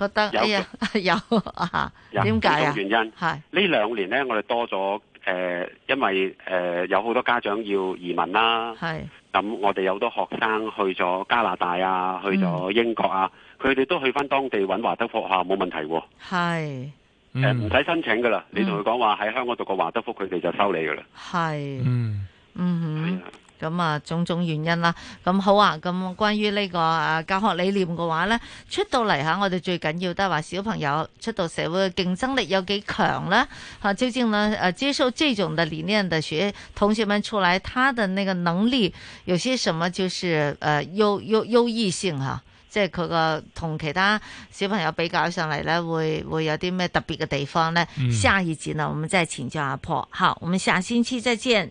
覺得、哎、有， <laughs> 有啊，有啊，點解啊？原因係呢兩年咧，我哋多咗誒，因為誒、呃、有好多家長要移民啦，係咁的我哋有好多學生去咗加拿大啊，去咗英國啊，佢哋、嗯、都去翻當地揾華德福學校冇問題，啊，係誒唔使申請噶啦，你同佢講話喺香港讀過華德福，佢哋就收你噶啦，係嗯的嗯。咁啊，種種原因啦。咁好啊，咁關於呢個啊教學理念嘅話咧，出到嚟吓，我哋最緊要都係話小朋友出到社會，競爭力有幾強咧？吓，究竟呢，誒，接受這種的理念的學同學們出來，他嘅那個能力有些什麼？就是誒優優優，優異性吓，即係佢個同其他小朋友比較上嚟咧，會會有啲咩特別嘅地方咧？嗯、下一節呢，我們再請教阿婆。好，我們下星期再見。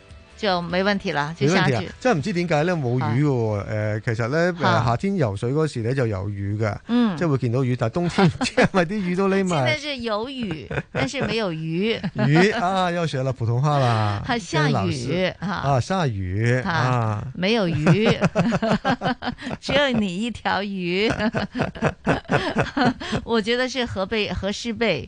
就沒問題了就下住。真係唔知點解咧冇魚嘅，誒，其實咧誒夏天游水嗰時咧就有魚嘅，即係會見到魚，但係冬天，唔知係咪啲魚都匿埋。現在是有雨，但是沒有魚。魚啊，又學了普通話啦。下雨啊，下雨啊，沒有魚，只有你一條魚。我覺得是河北，河北。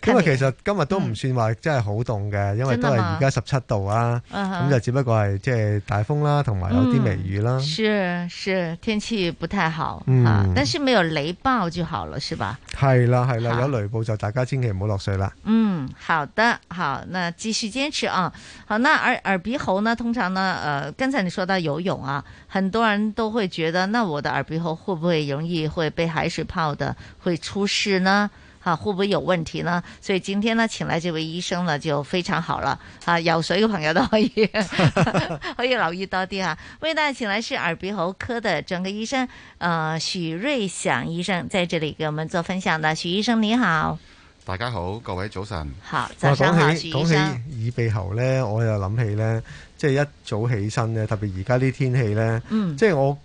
今日其實今日都唔算話真係好凍嘅，嗯、因為都係而家十七度啊，咁就、uh huh. 只不過係即係大風啦，同埋有啲微雨啦。嗯、是是，天氣不太好，嗯、但是沒有雷暴就好了，是吧？係啦，係啦，有雷暴就大家千祈唔好落水啦。嗯，好的，好，那繼續堅持啊。好，那耳耳鼻喉呢？通常呢，呃，剛才你說到游泳啊，很多人都會覺得，那我的耳鼻喉會不會容易會被海水泡的，會出事呢？啊，會不會有問題呢？所以今天呢，請來這位醫生呢，就非常好了。啊，有水嘅朋友都可以， <laughs> <laughs> 可以留意多啲啊。為大家請來是耳鼻喉科的專科醫生，呃，許銳祥醫生在這裡給我們做分享的。許醫生你好，大家好，各位早晨。好，早上，好，許醫生。講起耳鼻喉呢，我又諗起呢，即係一早起身呢，特別而家啲天氣呢。嗯，即係我。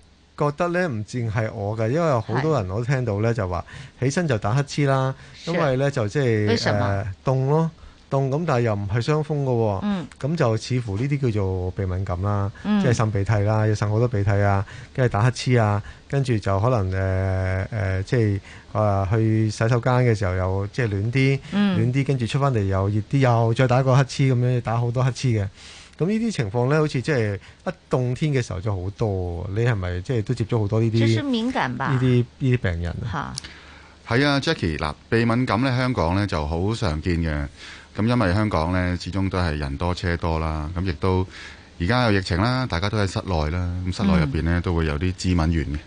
覺得咧唔止係我嘅，因為好多人我都聽到咧是就話起身就打乞嗤啦，是因為咧就即係誒凍咯，凍咁但又唔係傷風嘅喎，咁、嗯、就似乎呢啲叫做鼻敏感啦，嗯、即係擤鼻涕啦，要擤好多鼻涕啊，跟住打乞嗤啊，跟住就可能、呃呃、即係、呃、去洗手間嘅時候又即係暖啲，嗯、暖啲跟住出翻嚟又熱啲，又再打個乞嗤咁樣，打好多乞嗤嘅。咁呢啲情況咧，好似即係一凍天嘅時候，就好多。你係咪即係都接觸好多呢啲？即係敏感吧。呢啲呢啲病人。嚇。係啊，Jackie 嗱，鼻敏感咧，香港咧就好常見嘅。咁因為香港咧，始終都係人多車多啦。咁亦都而家有疫情啦，大家都喺室內啦。咁室內入邊咧都會有啲致敏源嘅。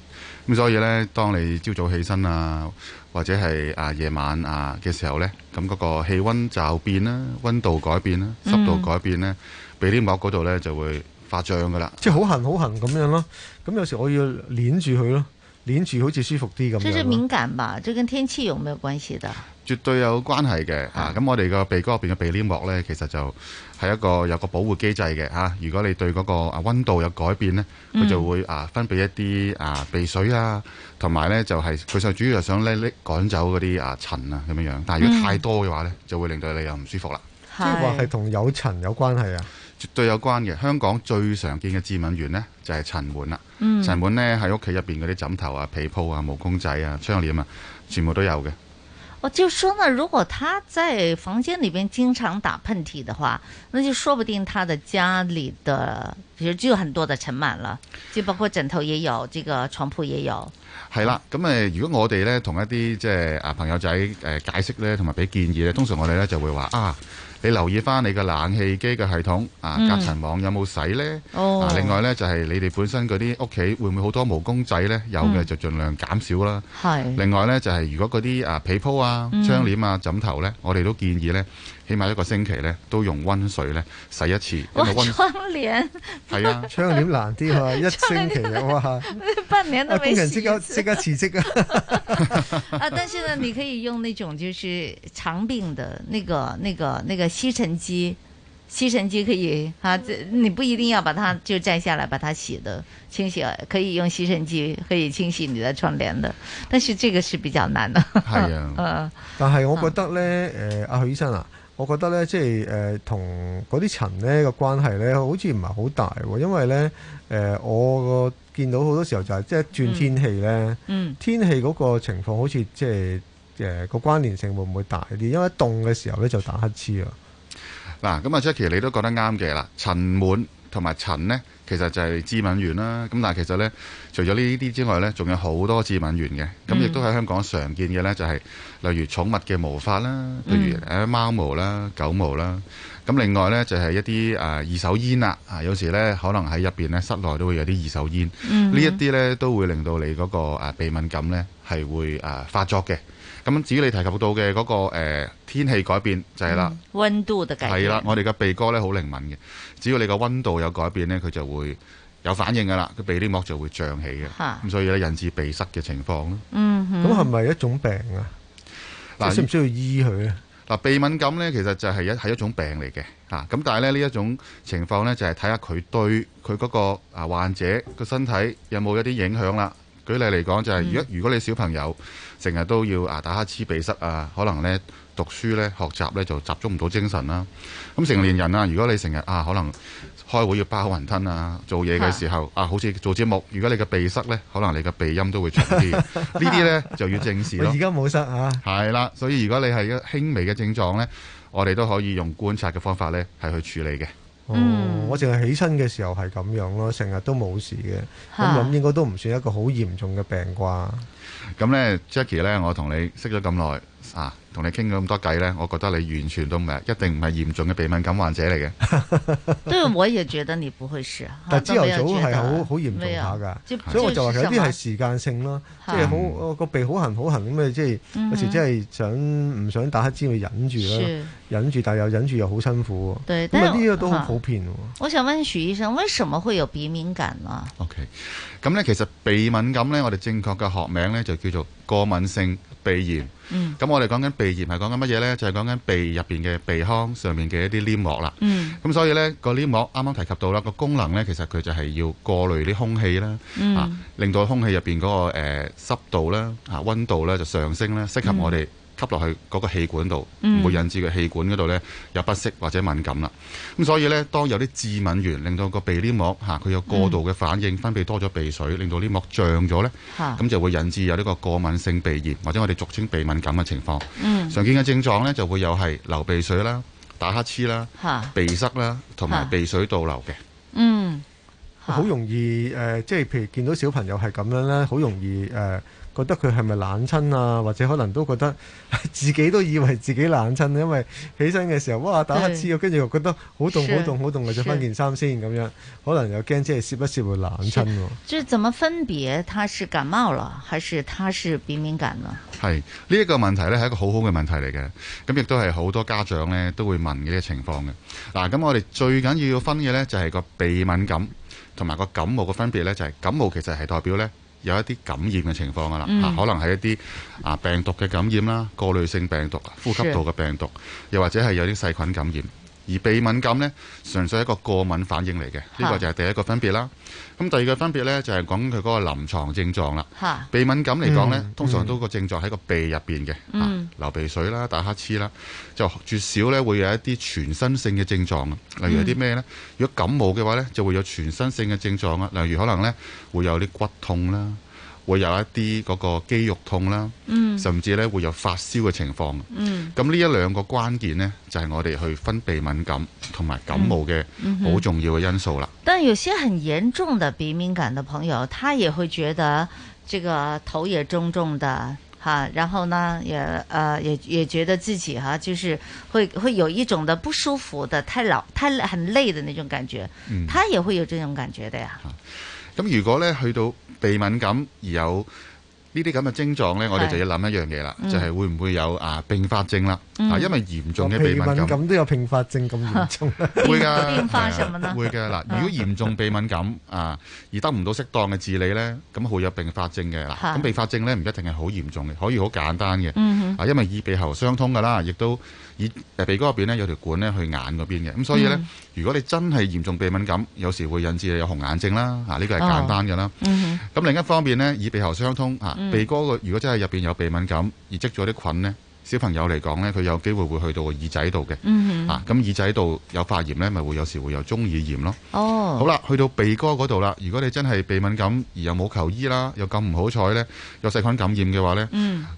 咁所以咧，當你朝早起身啊，或者係啊夜晚啊嘅時候咧，咁嗰個氣温驟變啦，温度改變啦，濕度改變咧。鼻黏膜嗰度咧就會發脹噶啦，即係好痕好痕咁樣咯。咁有時我要捏住佢咯，捏住好似舒服啲咁。即係敏感吧？即係跟天氣有冇有關係的？絕對有關係嘅。是啊，咁我哋個鼻哥入邊嘅鼻黏膜咧，其實就係一個有個保護機制嘅。吓、啊，如果你對嗰個啊溫度有改變咧，佢就會啊分泌一啲啊鼻水啊，同埋咧就係佢就主要係想拎搦趕走嗰啲啊塵啊咁樣樣。但係如果太多嘅話咧，就會令到你又唔舒服啦。即係話係同有塵有關係啊？絕對有關嘅，香港最常見嘅致敏原呢，就係塵蟎啦。塵蟎、嗯、呢，喺屋企入邊嗰啲枕頭啊、被鋪啊、毛公仔啊、窗簾啊，全部都有嘅。我就說呢，如果他在房間裏邊經常打噴嚏的話，那就說不定他的家裏的其實就有很多的塵蟎了，就包括枕頭也有，這個床鋪也有。係啦、嗯，咁誒，如果我哋呢，同一啲即係啊朋友仔誒解釋呢，同埋俾建議呢，通常我哋呢就會話啊。你留意翻你嘅冷氣機嘅系統啊，隔塵網有冇洗咧？哦啊？另外呢，就係、是、你哋本身嗰啲屋企會唔會好多毛公仔呢？有嘅就盡量減少啦。嗯、另外呢，就係、是、如果嗰啲啊被鋪啊、窗簾啊、枕頭呢，嗯、我哋都建議呢。起碼一個星期呢，都用溫水呢，洗一次。哇、哦！窗簾係啊， <laughs> 窗簾難啲啊，一星期啊嘛，哇 <laughs> 半年都未洗。洗一次，洗一次啊！啊 <laughs> 但是呢，你可以用那種就是長柄的那個、那個、那個吸塵機，吸塵機可以啊，這你不一定要把它就摘下來把它洗的清洗，可以用吸塵機可以清洗你的窗簾的，但是這個是比較難的是啊。係啊，嗯，但係我覺得呢，誒阿、啊啊啊、許醫生啊。我覺得咧，即係誒同嗰啲塵咧個關係咧，好似唔係好大喎。因為咧，誒、呃、我見到好多時候就係即係轉天氣咧，嗯嗯、天氣嗰個情況好似即係誒個關聯性會唔會大啲？因為凍嘅時候咧就打乞嗤啊。嗱、嗯，咁啊 Jacky 你都覺得啱嘅啦。塵蟎同埋塵咧。其實就係致敏原啦，咁但係其實呢，除咗呢啲之外呢，仲有好多致敏原嘅，咁、嗯、亦都喺香港常見嘅呢、就係，就係例如寵物嘅毛髮啦，例、嗯、如誒貓毛啦、狗毛啦，咁另外呢，就係一啲二手煙啦，啊有時呢，可能喺入邊呢室內都會有啲二手煙，呢一啲呢，嗯、都會令到你嗰個鼻敏感呢，係會誒發作嘅。咁至於你提及到嘅嗰、那個、呃、天氣改變就係、是、啦，温、嗯、度嘅改變係啦，我哋嘅鼻哥咧好靈敏嘅，只要你個温度有改變咧，佢就會有反應噶啦，個鼻黏膜就會脹起嘅，咁、啊、所以咧引致鼻塞嘅情況咯。嗯哼，咁係咪一種病啊？嗱、啊，需唔需要醫佢咧？嗱、啊，鼻敏感咧其實就係一係一種病嚟嘅吓，咁，但係咧呢一種情況咧，就係睇下佢對佢嗰個啊患者個身體有冇一啲影響啦。舉例嚟講，就係如果如果你小朋友成日都要啊打乞嗤、鼻塞啊，可能咧讀書咧、學習咧就集中唔到精神啦。咁成年人啊，如果你成日啊可能開會要包好雲吞啊，做嘢嘅時候啊，好似做節目，如果你嘅鼻塞呢，可能你嘅鼻音都會重啲。呢啲 <laughs> 呢，就要正視咯。我而家冇塞啊。係啦，所以如果你係一輕微嘅症狀呢，我哋都可以用觀察嘅方法呢，係去處理嘅。哦、嗯，我淨係起身嘅時候係咁樣咯，成日都冇事嘅，咁咁、啊、應該都唔算一個好嚴重嘅病啩。咁咧、嗯、Jackie 咧，我同你識咗咁耐啊。同你傾咗咁多偈咧，我覺得你完全都唔係，一定唔係嚴重嘅鼻敏感患者嚟嘅。 <laughs> 對，我也覺得你不會是。但朝頭早係好好嚴重下㗎，所以我就話有啲係時間性咯是，即係好個鼻好痕好痕咁嘅，即係有時真係想唔想打乞嗤去忍住啦，忍住，但又忍住又好辛苦。對，但啊呢個都好普遍我、嗯。我想問許醫生，為什麼會有鼻敏感啊？OK，咁咧其實鼻敏感咧，我哋正確嘅學名咧就叫做過敏性鼻炎，嗯，咁我哋講緊鼻炎係講緊乜嘢呢？就係講緊鼻入邊嘅鼻腔上面嘅一啲黏膜啦，嗯，咁所以呢、個黏膜啱啱提及到啦，個功能呢其實佢就係要過濾啲空氣啦，嗯、啊，令到空氣入邊嗰個誒濕度啦啊溫度咧就上升啦，適合我哋。嗯吸落去嗰個氣管度，唔會引致個氣管嗰度呢有不適或者敏感啦。咁、嗯、所以呢，當有啲致敏原令到個鼻黏膜嚇佢、啊、有過度嘅反應，嗯、分泌多咗鼻水，令到黏膜脹咗呢，咁、啊、就會引致有呢個過敏性鼻炎或者我哋俗稱鼻敏感嘅情況。嗯、常見嘅症狀呢，就會有係流鼻水啦、打乞嗤啦、啊、鼻塞啦同埋鼻水倒流嘅。嗯，好、啊、容易誒，即、呃、係譬如見到小朋友係咁樣呢，好容易誒。呃覺得佢係咪冷親啊？或者可能都覺得自己都以為自己冷親，因為起身嘅時候，哇！打乞嗤，跟住對又覺得好凍，好凍是，好凍，著翻件衫先咁是樣。可能又驚即係濕不濕會冷親喎。即係怎麼分別？他是感冒了，還是他是鼻敏感啊？係呢一個問題呢係一個好好嘅問題嚟嘅。咁亦都係好多家長呢都會問嘅情況嘅。嗱，咁我哋最緊要分嘅呢，就係個鼻敏感同埋個感冒嘅分別呢，就係感冒其實係代表呢。有一啲感染嘅情況㗎啦，嗯、可能係一啲啊病毒嘅感染啦，過濾性病毒、呼吸道嘅病毒，是的 又或者係有啲細菌感染。而鼻敏感咧，純粹係一個過敏反應嚟嘅，呢是的 個就係第一個分別啦。咁第二個分別咧，就係、係、講佢嗰個臨床症狀啦。是的 鼻敏感嚟講咧，嗯、通常都個症狀喺個鼻入邊嘅，嗯、流鼻水啦、打乞嚏啦，就絕少咧會有一啲全身性嘅症狀。例如有啲咩咧？嗯、如果感冒嘅話咧，就會有全身性嘅症狀啦。例如可能咧，會有啲骨痛啦。會有一啲嗰個肌肉痛啦，嗯、甚至咧會有發燒嘅情況。咁呢、嗯、一兩個關鍵呢，就係、是、我哋去分鼻敏感同埋感冒嘅好重要嘅因素啦、嗯嗯。但有些很嚴重的鼻敏感的朋友，他也會覺得這個頭也重重的、啊、然後呢也呃也也覺得自己哈、啊、就是會，會有一種的不舒服的太老太很累的那種感覺，嗯、他也會有這種感覺的呀。咁、啊、如果呢去到鼻敏感而有呢啲咁嘅症狀咧，我哋就要諗一樣嘢啦，就係、是、會唔會有啊併發症啦？啊、嗯，因為嚴重嘅鼻敏感都、嗯呃、有併發症咁嚴重，會噶會噶嗱，如果嚴重鼻敏感啊而得唔到適當嘅治理咧，咁好有併發症嘅嗱。咁併發症咧唔一定係好嚴重嘅，可以好簡單嘅。啊，因為耳鼻喉相通噶啦，亦都。耳鼻哥入邊咧有條管咧去眼嗰邊嘅，咁所以咧，如果你真係嚴重鼻敏感，有時會引致有紅眼症啦，嚇呢個係簡單嘅啦。咁、哦嗯、另一方面咧，耳鼻喉相通嚇，鼻哥如果真係入邊有鼻敏感而積咗啲菌咧。小朋友嚟講呢，佢有機會會去到個耳仔度嘅，嗯、哼啊，咁耳仔度有發炎呢，咪會有時會有中耳炎咯。哦，好啦，去到鼻哥嗰度啦，如果你真係鼻敏感而又冇求醫啦，又咁唔好彩呢，有細菌感染嘅話呢，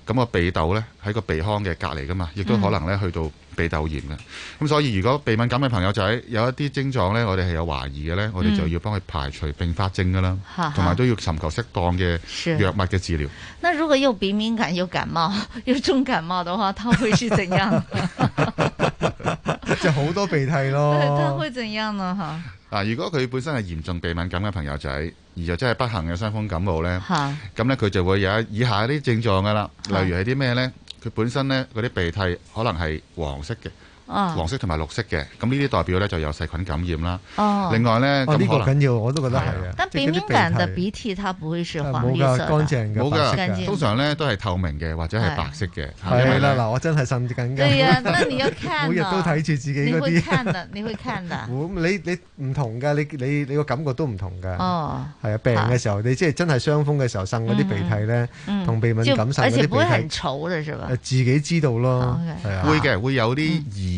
咁個、嗯、鼻竇呢，喺個鼻腔嘅隔離噶嘛，亦都可能呢去到。鼻竇炎嘅，咁、嗯、所以如果鼻敏感嘅朋友仔有一啲症狀咧，我哋係有懷疑嘅咧，我哋就要幫佢排除併發症噶啦，同埋、嗯、都要尋求適當嘅藥物嘅治療。那如果又鼻敏感又感冒又重感冒嘅話，他會是怎樣？就好多鼻涕咯。他會怎樣呢？吓？嗱，如果佢本身係嚴重鼻敏感嘅朋友仔，而又真係不幸嘅傷風感冒咧，咁咧佢就會有一以下啲症狀噶啦，例如係啲咩咧？佢本身咧嗰啲鼻涕可能係黃色嘅。黃色同埋綠色嘅，咁呢啲代表咧就有細菌感染啦。哦，另外咧，呢個緊要，我都覺得係啊。但鼻敏感嘅鼻涕，它不會是黃色。冇㗎，乾淨㗎，冇㗎，通常咧都係透明嘅或者係白色嘅。係啦，嗱，我真係滲緊㗎。都看每日都睇住自己嗰啲。你會看的，你會看的。你你唔同㗎，你你你個感覺都唔同㗎。哦，係啊，病嘅時候，你即係真係傷風嘅時候，滲嗰啲鼻涕咧，同鼻敏感受啲鼻涕，而且本身係很草嘅，係嘛？自己知道咯，係會嘅，會有啲疑。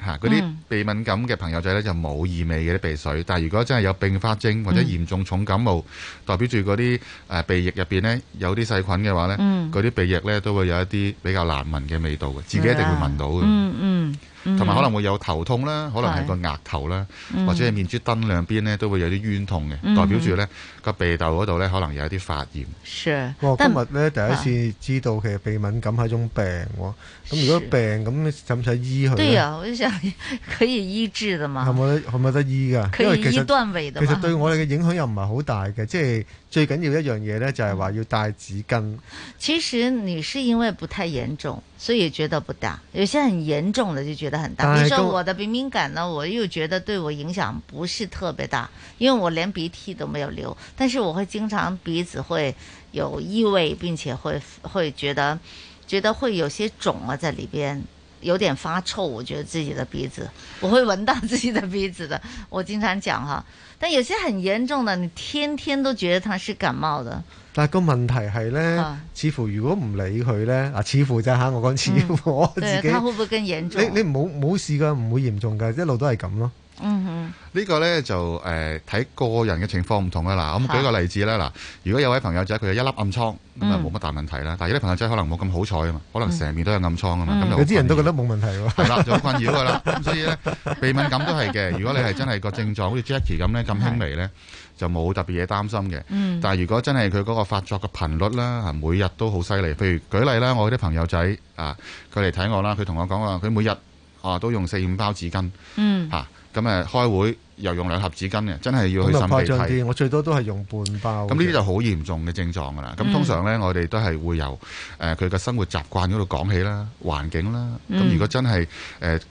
嚇，嗰啲鼻敏感嘅朋友仔咧就冇異味嘅啲鼻水，但係如果真係有併發症或者嚴重重感冒，代表住嗰啲誒鼻液入邊咧有啲細菌嘅話咧，嗰啲鼻液咧都會有一啲比較難聞嘅味道嘅，自己一定會聞到嘅。嗯同埋可能會有頭痛啦，可能係個額頭啦，或者係面珠墩兩邊咧都會有啲冤痛嘅，代表住咧個鼻竇嗰度咧可能有一啲發炎。是。哇，今日咧第一次知道其實鼻敏感係一種病喎。咁如果病咁，使唔使醫佢？ <laughs> 可以醫治的嘛？係咪得，得醫噶可以醫斷尾的嗎。其實， <laughs> 其實對我哋嘅影響又唔係好大嘅，即係最緊要一樣嘢呢，就係、是、話要帶紙巾。其實你是因為不太嚴重，所以覺得不大。有些很嚴重嘅就覺得很大。是比如說我的鼻敏感呢，我又覺得對我影響不是特別大，因為我連鼻涕都沒有流，但是我會經常鼻子會有異味，並且會會覺得覺得會有些腫啊在裏邊。有點發臭，我覺得自己的鼻子，我會聞到自己的鼻子的。我經常講哈，但有些很嚴重的，你天天都覺得他是感冒的。但個問題係咧，啊、似乎如果唔理佢咧，嗱，似乎就吓我講似乎，我。嗯、我自己。對，他會不會更嚴重？你你冇冇事噶，唔會嚴重噶，一路都係咁咯。嗯哼，呢個咧就誒睇個人嘅情況唔同㗎啦。嗱，我咪舉個例子啦。嗱，如果有位朋友仔佢有一粒暗瘡，咁啊冇乜大問題啦。但係有啲朋友仔可能冇咁好彩啊嘛，可能成面都有暗瘡啊嘛。咁有啲人都覺得冇問題喎。係啦，困擾㗎啦。咁所以咧，鼻敏感都係嘅。如果你係真係個症狀好似 Jacky 咁咧咁輕微咧，就冇特別嘢擔心嘅。但係如果真係佢嗰個發作嘅頻率啦，每日都好犀利。譬如舉例啦，我啲朋友仔啊，佢嚟睇我啦，佢同我講話，佢每日啊都用四五包紙巾。嗯。咁誒開會又用兩盒紙巾嘅，真係要去審視。咁誇張啲，我最多都係用半包。咁呢啲就好嚴重嘅症狀啦。咁、嗯、通常咧，我哋都係會由誒佢嘅生活習慣嗰度講起啦，環境啦。咁、嗯、如果真係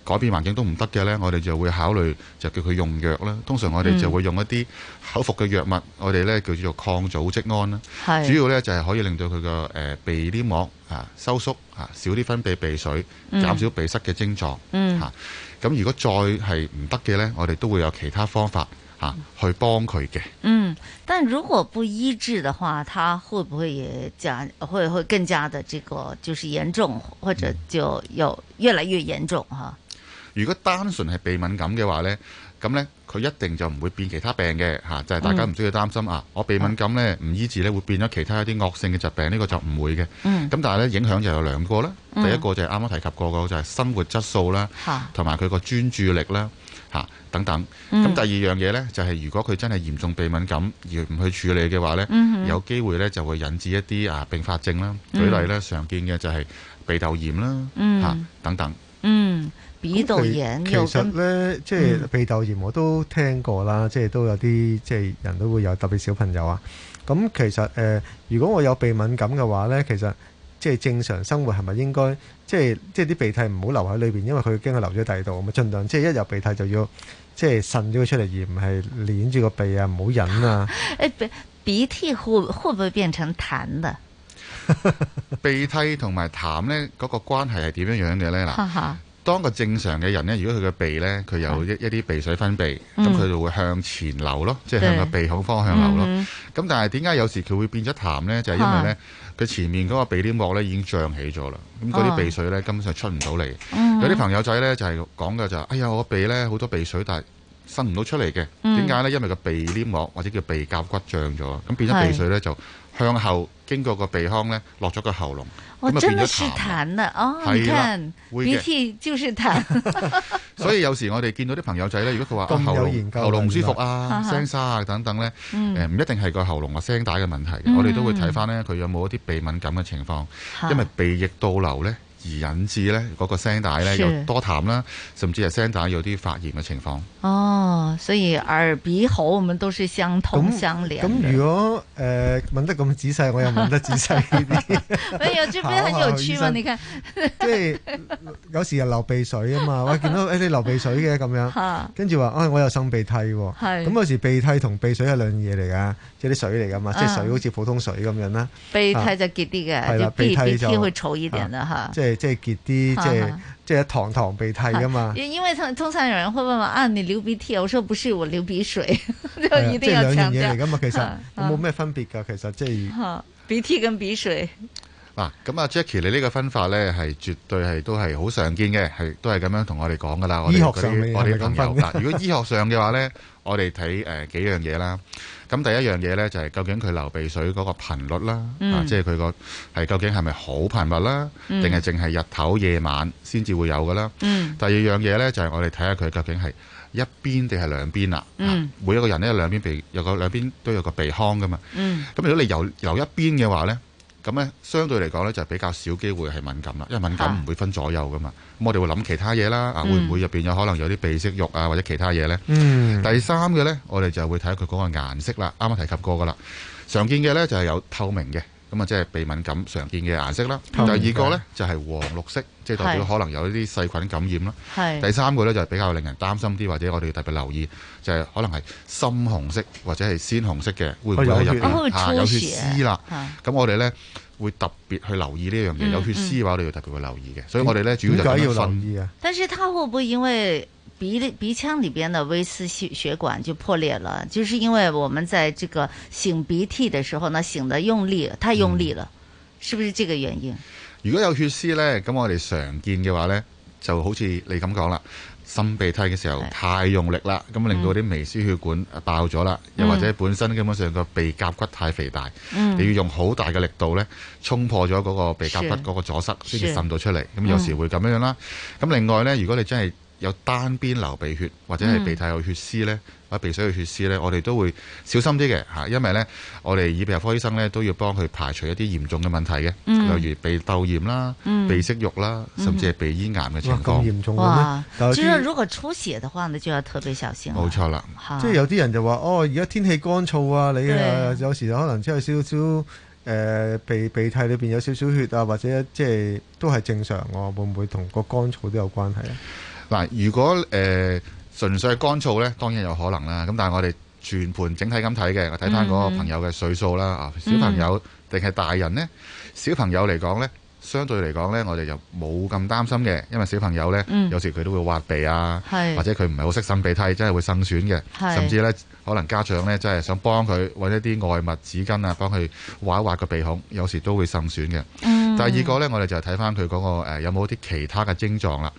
改變環境都唔得嘅咧，我哋就會考慮就叫佢用藥啦。通常我哋就會用一啲口服嘅藥物，我哋咧叫做抗組織胺啦。是主要咧就係可以令到佢嘅誒鼻黏膜啊收縮啊，少啲分泌鼻水，減少，少鼻塞嘅症狀。嗯。吓咁如果再係唔得嘅呢，我哋都會有其他方法嚇、啊、去幫佢嘅。嗯，但如果不醫治的話，他會不會也加，會會更加的這個就是嚴重，或者就有越來越嚴重哈？啊、如果單純係鼻敏感嘅話呢？咁呢，佢一定就唔會變其他病嘅嚇，就係、是、大家唔需要擔心、嗯、啊！我鼻敏感呢，唔醫治咧，會變咗其他一啲惡性嘅疾病，呢、這個就唔會嘅。咁、嗯、但係咧影響就有兩個啦，第一個就係啱啱提及過個、嗯、就係生活質素啦，同埋佢個專注力啦嚇等等。咁、嗯、第二樣嘢呢，就係如果佢真係嚴重鼻敏感而唔去處理嘅話呢，嗯、哼有機會呢就會引致一啲啊併發症啦。嗯、舉例呢，常見嘅就係鼻竇炎啦嚇、嗯啊、等等。嗯。鼻竇炎，豆其實咧即係鼻竇炎，我都聽過啦，即係都有啲即係人都會有，特別小朋友啊。咁其實誒、呃，如果我有鼻敏感嘅話咧，其實即係正常生活係咪應該即係即係啲鼻涕唔好留喺裏邊，因為佢驚佢留咗第二度咁啊，盡量即係一有鼻涕就要即係擤咗佢出嚟，而唔係捏住個鼻啊，唔好忍啊。誒，鼻鼻涕會會唔會變成痰啊？ <laughs> 鼻涕同埋痰咧嗰個關係係點樣樣嘅咧嗱？當個正常嘅人呢，如果佢嘅鼻呢，佢有一一啲鼻水分泌，咁佢的就會向前流咯，的即係向個鼻孔方向流咯。咁、嗯、但係點解有時佢會變咗痰呢？就係、是、因為呢，佢、啊、前面嗰個鼻黏膜呢已經脹起咗啦，咁嗰啲鼻水呢根本就出唔到嚟。啊、有啲朋友仔呢就係講嘅就係、是，哎呀，我鼻呢好多鼻水，但係。伸唔到出嚟嘅，點解呢？因為個鼻黏膜或者叫鼻甲骨脹咗，咁變咗鼻水咧就向後經過個鼻腔咧落咗個喉嚨，咁啊變咗痰啦。哦，係啦，你鼻涕就是痰。所以有時我哋見到啲朋友仔咧，如果佢話喉嚨、啊啊、喉嚨唔舒服啊、聲沙啊等等咧，誒唔一定係個喉嚨或聲帶嘅問題，嗯、我哋都會睇翻咧佢有冇一啲鼻敏感嘅情況，因為鼻液倒流咧。而引致咧嗰個聲帶咧又多痰啦，甚至係聲帶有啲發炎嘅情況。哦，所以耳鼻喉我們都是相通相連。咁如果誒問得咁仔細，我又問得仔細啲。唔係啊，這邊很有趣嘛！你看，即係有時又流鼻水啊嘛，我見到誒你流鼻水嘅咁樣，跟住話啊我又生鼻涕喎。咁有時鼻涕同鼻水係兩樣嘢嚟㗎，即係啲水嚟㗎嘛，即係水好似普通水咁樣啦。鼻涕就結啲嘅，鼻涕就會燥啲啦嚇。即係。即係結啲，即係即係堂堂鼻涕噶嘛、啊啊。因為通常有人會問話啊，你流鼻涕我說不是，我流鼻水， <laughs> 就一定要強調、啊。即係兩樣嘢嚟噶嘛，其實冇咩、啊啊、分別噶，其實即係、啊、鼻涕跟鼻水。嗱、啊，咁、嗯、啊 Jacky，你呢個分法咧係絕對係都係好常見嘅，係都係咁樣同我哋講噶啦。我醫學上的，我哋咁分，如果醫學上嘅話咧，我哋睇誒幾樣嘢啦。咁第一樣嘢咧就係、是、究竟佢流鼻水嗰個頻率啦，嗯、啊，即係佢、那個係究竟係咪好頻密啦，定係淨係日頭夜晚先至會有噶啦？嗯、第二樣嘢咧就係、是、我哋睇下佢究竟係一邊定係兩邊啦、啊嗯啊。每一個人咧兩邊鼻有個兩邊都有個鼻腔噶嘛。咁、嗯、如果你流流一邊嘅話咧，咁咧，相對嚟講咧就比較少機會係敏感啦，因為敏感唔會分左右噶嘛。咁是的 我哋會諗其他嘢啦，啊，嗯、會唔會入邊有可能有啲鼻息肉啊，或者其他嘢咧？嗯、第三嘅咧，我哋就會睇佢嗰個顏色啦。啱啱提及過噶啦，常見嘅咧就係、係、有透明嘅。咁啊，即係鼻敏感常見嘅顏色啦。第、嗯、二個呢就係、是、黃綠色，即、就、係、是、代表可能有啲細菌感染啦。是第三個呢就係、是、比較令人擔心啲，或者我哋要特別留意，就係、是、可能係深紅色或者係鮮紅色嘅，會唔會喺入邊有血？啊有，血啊、有血絲啦。咁、啊、我哋呢會特別去留意呢樣嘢，嗯嗯、有血絲嘅話，我哋要特別去留意嘅。所以我哋呢主要就咁分。要留意啊、但是，他會不會因為？鼻鼻腔裏邊的微絲血管就破裂了，就是因為我們在這個擤鼻涕的時候呢，擤得用力太用力了，嗯、是不是這個原因？如果有血絲呢，咁我哋常見嘅話呢，就好似你咁講啦，擤鼻涕嘅時候太用力啦，咁是、嗯、令到啲微絲血管爆咗啦，嗯、又或者本身根本上個鼻甲骨太肥大，嗯、你要用好大嘅力度呢，衝破咗嗰個鼻甲骨嗰個阻塞，先至滲到出嚟，咁是、嗯、有時會咁樣樣啦。咁另外呢，如果你真係，有單邊流鼻血或者係鼻涕有血絲咧，或鼻水有血絲咧，嗯、我哋都會小心啲嘅嚇，因為咧我哋耳鼻喉科醫生咧都要幫佢排除一啲嚴重嘅問題嘅，例、嗯、如鼻竇炎啦、嗯、鼻息肉啦，甚至係鼻咽癌嘅情況。哇，嚴重嘅咩？主要、即係、如果出血嘅話，你就要特別小心。冇錯啦，是即係有啲人就話：哦，而家天氣乾燥啊，你啊對有時可能即係少少誒、呃、鼻鼻涕裏邊有少少血啊，或者即係都係正常、啊，我會唔會同個乾燥都有關係咧、啊？嗱，如果誒、呃、純粹係乾燥呢，當然有可能啦。咁但係我哋全盤整體咁睇嘅，我睇翻嗰個朋友嘅歲數啦，啊、嗯、小朋友定係大人呢？小朋友嚟講呢，相對嚟講呢，我哋就冇咁擔心嘅，因為小朋友呢，嗯、有時佢都會挖鼻啊，是或者佢唔係好識擤鼻涕，真係會擤損嘅。是甚至呢，可能家長呢，真、就、係、是、想幫佢揾一啲外物紙巾啊，幫佢挖一挖個鼻孔，有時都會擤損嘅。嗯、第二個呢，我哋就睇翻佢嗰個、呃、有冇啲其他嘅症狀啦。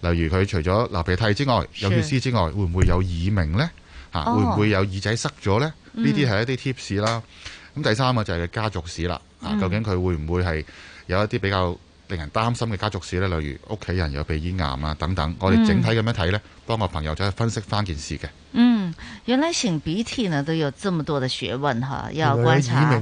例如佢除咗流鼻涕之外，有血絲之外，會唔會有耳鳴呢？嚇，oh. 會唔會有耳仔塞咗呢？呢啲係一啲貼士啦。咁、mm. 第三個就係家族史啦。啊、究竟佢會唔會係有一啲比較令人擔心嘅家族史呢？例如屋企人有鼻咽癌啊等等。我哋整體咁樣睇呢。Mm. 幫個朋友再分析翻件事嘅。嗯，原來擤鼻涕呢都有這麼多的學問、啊、要觀察。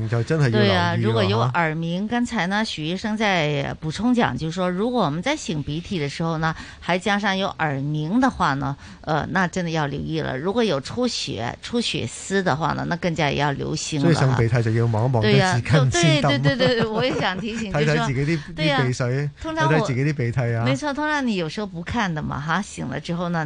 對啊，如果有耳鳴，剛、啊、才呢許醫生在補充講，就是說，如果我們在擤鼻涕的時候呢，還加上有耳鳴的話呢，呃，那真的要留意了。如果有出血、出血絲的話呢，那更加也要留心了，所以擤鼻涕就我也想提醒，就是看看自己啲鼻水，通常看看自己啲鼻涕啊，沒錯，通常你有時候不看的嘛，嚇、啊，醒了之後呢，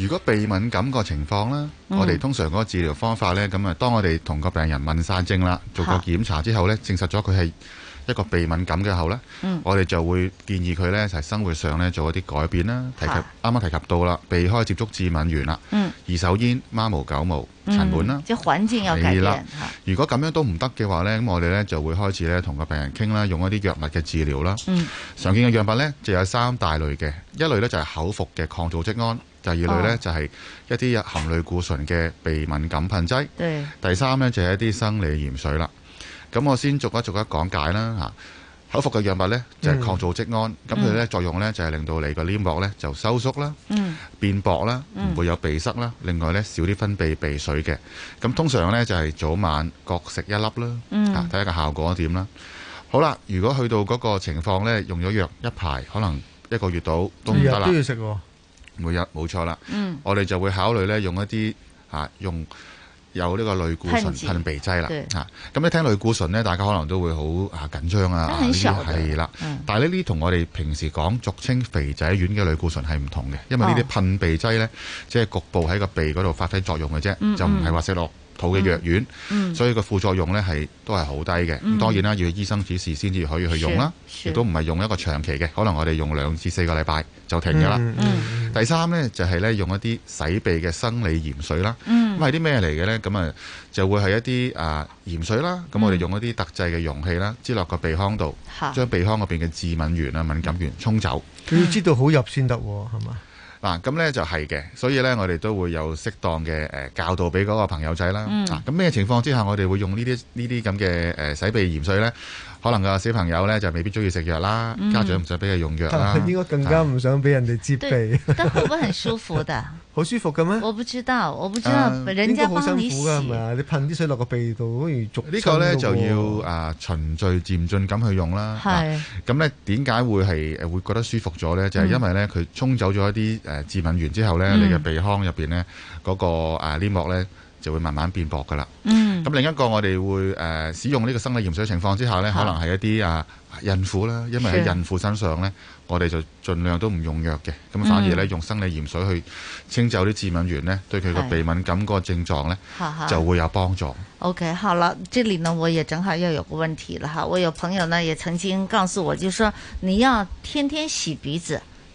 如果鼻敏感個情況咧，嗯、我哋通常嗰個治療方法呢，咁啊，當我哋同個病人問曬症啦，做個檢查之後呢，證實咗佢係一個鼻敏感嘅後呢，嗯、我哋就會建議佢呢，就係生活上呢做一啲改變啦。提及啱啱、嗯、提及到啦，避開接觸致敏源啦，二手、嗯、煙、貓毛、狗毛、塵蟎啦，了即係環境有改變啦。了如果咁樣都唔得嘅話呢，咁我哋呢就會開始呢同個病人傾啦，用一啲藥物嘅治療啦。嗯、常見嘅藥物呢，就有三大類嘅，一類呢就係口服嘅抗組織胺。第二類呢，就係、是、一啲含類固醇嘅鼻敏感噴劑。對第三呢，就係、是、一啲生理鹽水啦。咁我先逐一逐一講解啦嚇。口服嘅藥物呢，就係、是、抗造織胺抗組織胺，咁佢呢作用呢，就係、是、令到你個黏膜呢，就收縮啦、嗯、變薄啦，唔、嗯、會有鼻塞啦。另外呢，少啲分泌鼻水嘅。咁通常呢，就係、是、早晚各食一粒啦。嚇、嗯，睇下個效果點啦。好啦，如果去到嗰個情況呢，用咗藥一排，可能一個月到都唔得啦。每日冇錯啦，我哋就會考慮咧用一啲嚇用有呢個類固醇噴鼻劑啦嚇。咁一聽類固醇咧，大家可能都會好啊緊張啊，係啦。但係呢啲同我哋平時講俗稱肥仔丸嘅類固醇係唔同嘅，因為呢啲噴鼻劑咧，即係局部喺個鼻嗰度發揮作用嘅啫，就唔係話食落肚嘅藥丸。所以個副作用咧係都係好低嘅。當然啦，要醫生指示先至可以去用啦，亦都唔係用一個長期嘅，可能我哋用兩至四個禮拜就停㗎啦。第三呢，就係、是、用一啲洗鼻嘅生理鹽水啦，咁係啲咩嚟嘅呢？咁啊就會係一啲啊、呃、鹽水啦，咁、嗯、我哋用一啲特製嘅容器啦，擠落個鼻腔度，將鼻腔嗰邊嘅致敏源啊、嗯、敏感源沖走。佢要知道好入先得喎，係嘛、嗯？嗱，咁呢就係嘅，所以呢，我哋都會有適當嘅誒教導俾嗰個朋友仔啦。咁咩、嗯、情況之下我哋會用呢啲呢啲咁嘅誒洗鼻鹽水呢？可能個小朋友咧就未必中意食藥啦，嗯、家長唔想俾佢用藥啦，他應該更加唔想俾人哋接鼻。對 <laughs> 但係會唔會很舒服的？好 <laughs> 舒服嘅咩？我不知道，我不知道、啊，人家幫你好辛苦啊？係咪啊？你噴啲水落個鼻度，好似逐呢個咧就要啊、呃、循序漸進咁去用啦。係咁咧，點解、啊、會係誒會覺得舒服咗咧？就係、是、因為咧佢、嗯、沖走咗一啲誒致敏原之後咧，嗯、你嘅鼻腔入邊咧嗰個啊黏膜咧，就會慢慢變薄噶啦。嗯。咁另一個我，我哋會誒使用呢個生理鹽水情況之下呢好可能係一啲啊孕婦啦，因為喺孕婦身上呢，是我哋就盡量都唔用藥嘅，咁反而呢，嗯、用生理鹽水去清走啲致敏原呢，呢對佢個鼻敏感個症狀呢、哎、就會有幫助。OK，好啦這裡呢，我也正好又有個問題啦，哈，我有朋友呢，也曾經告訴我，就說說你要天天洗鼻子。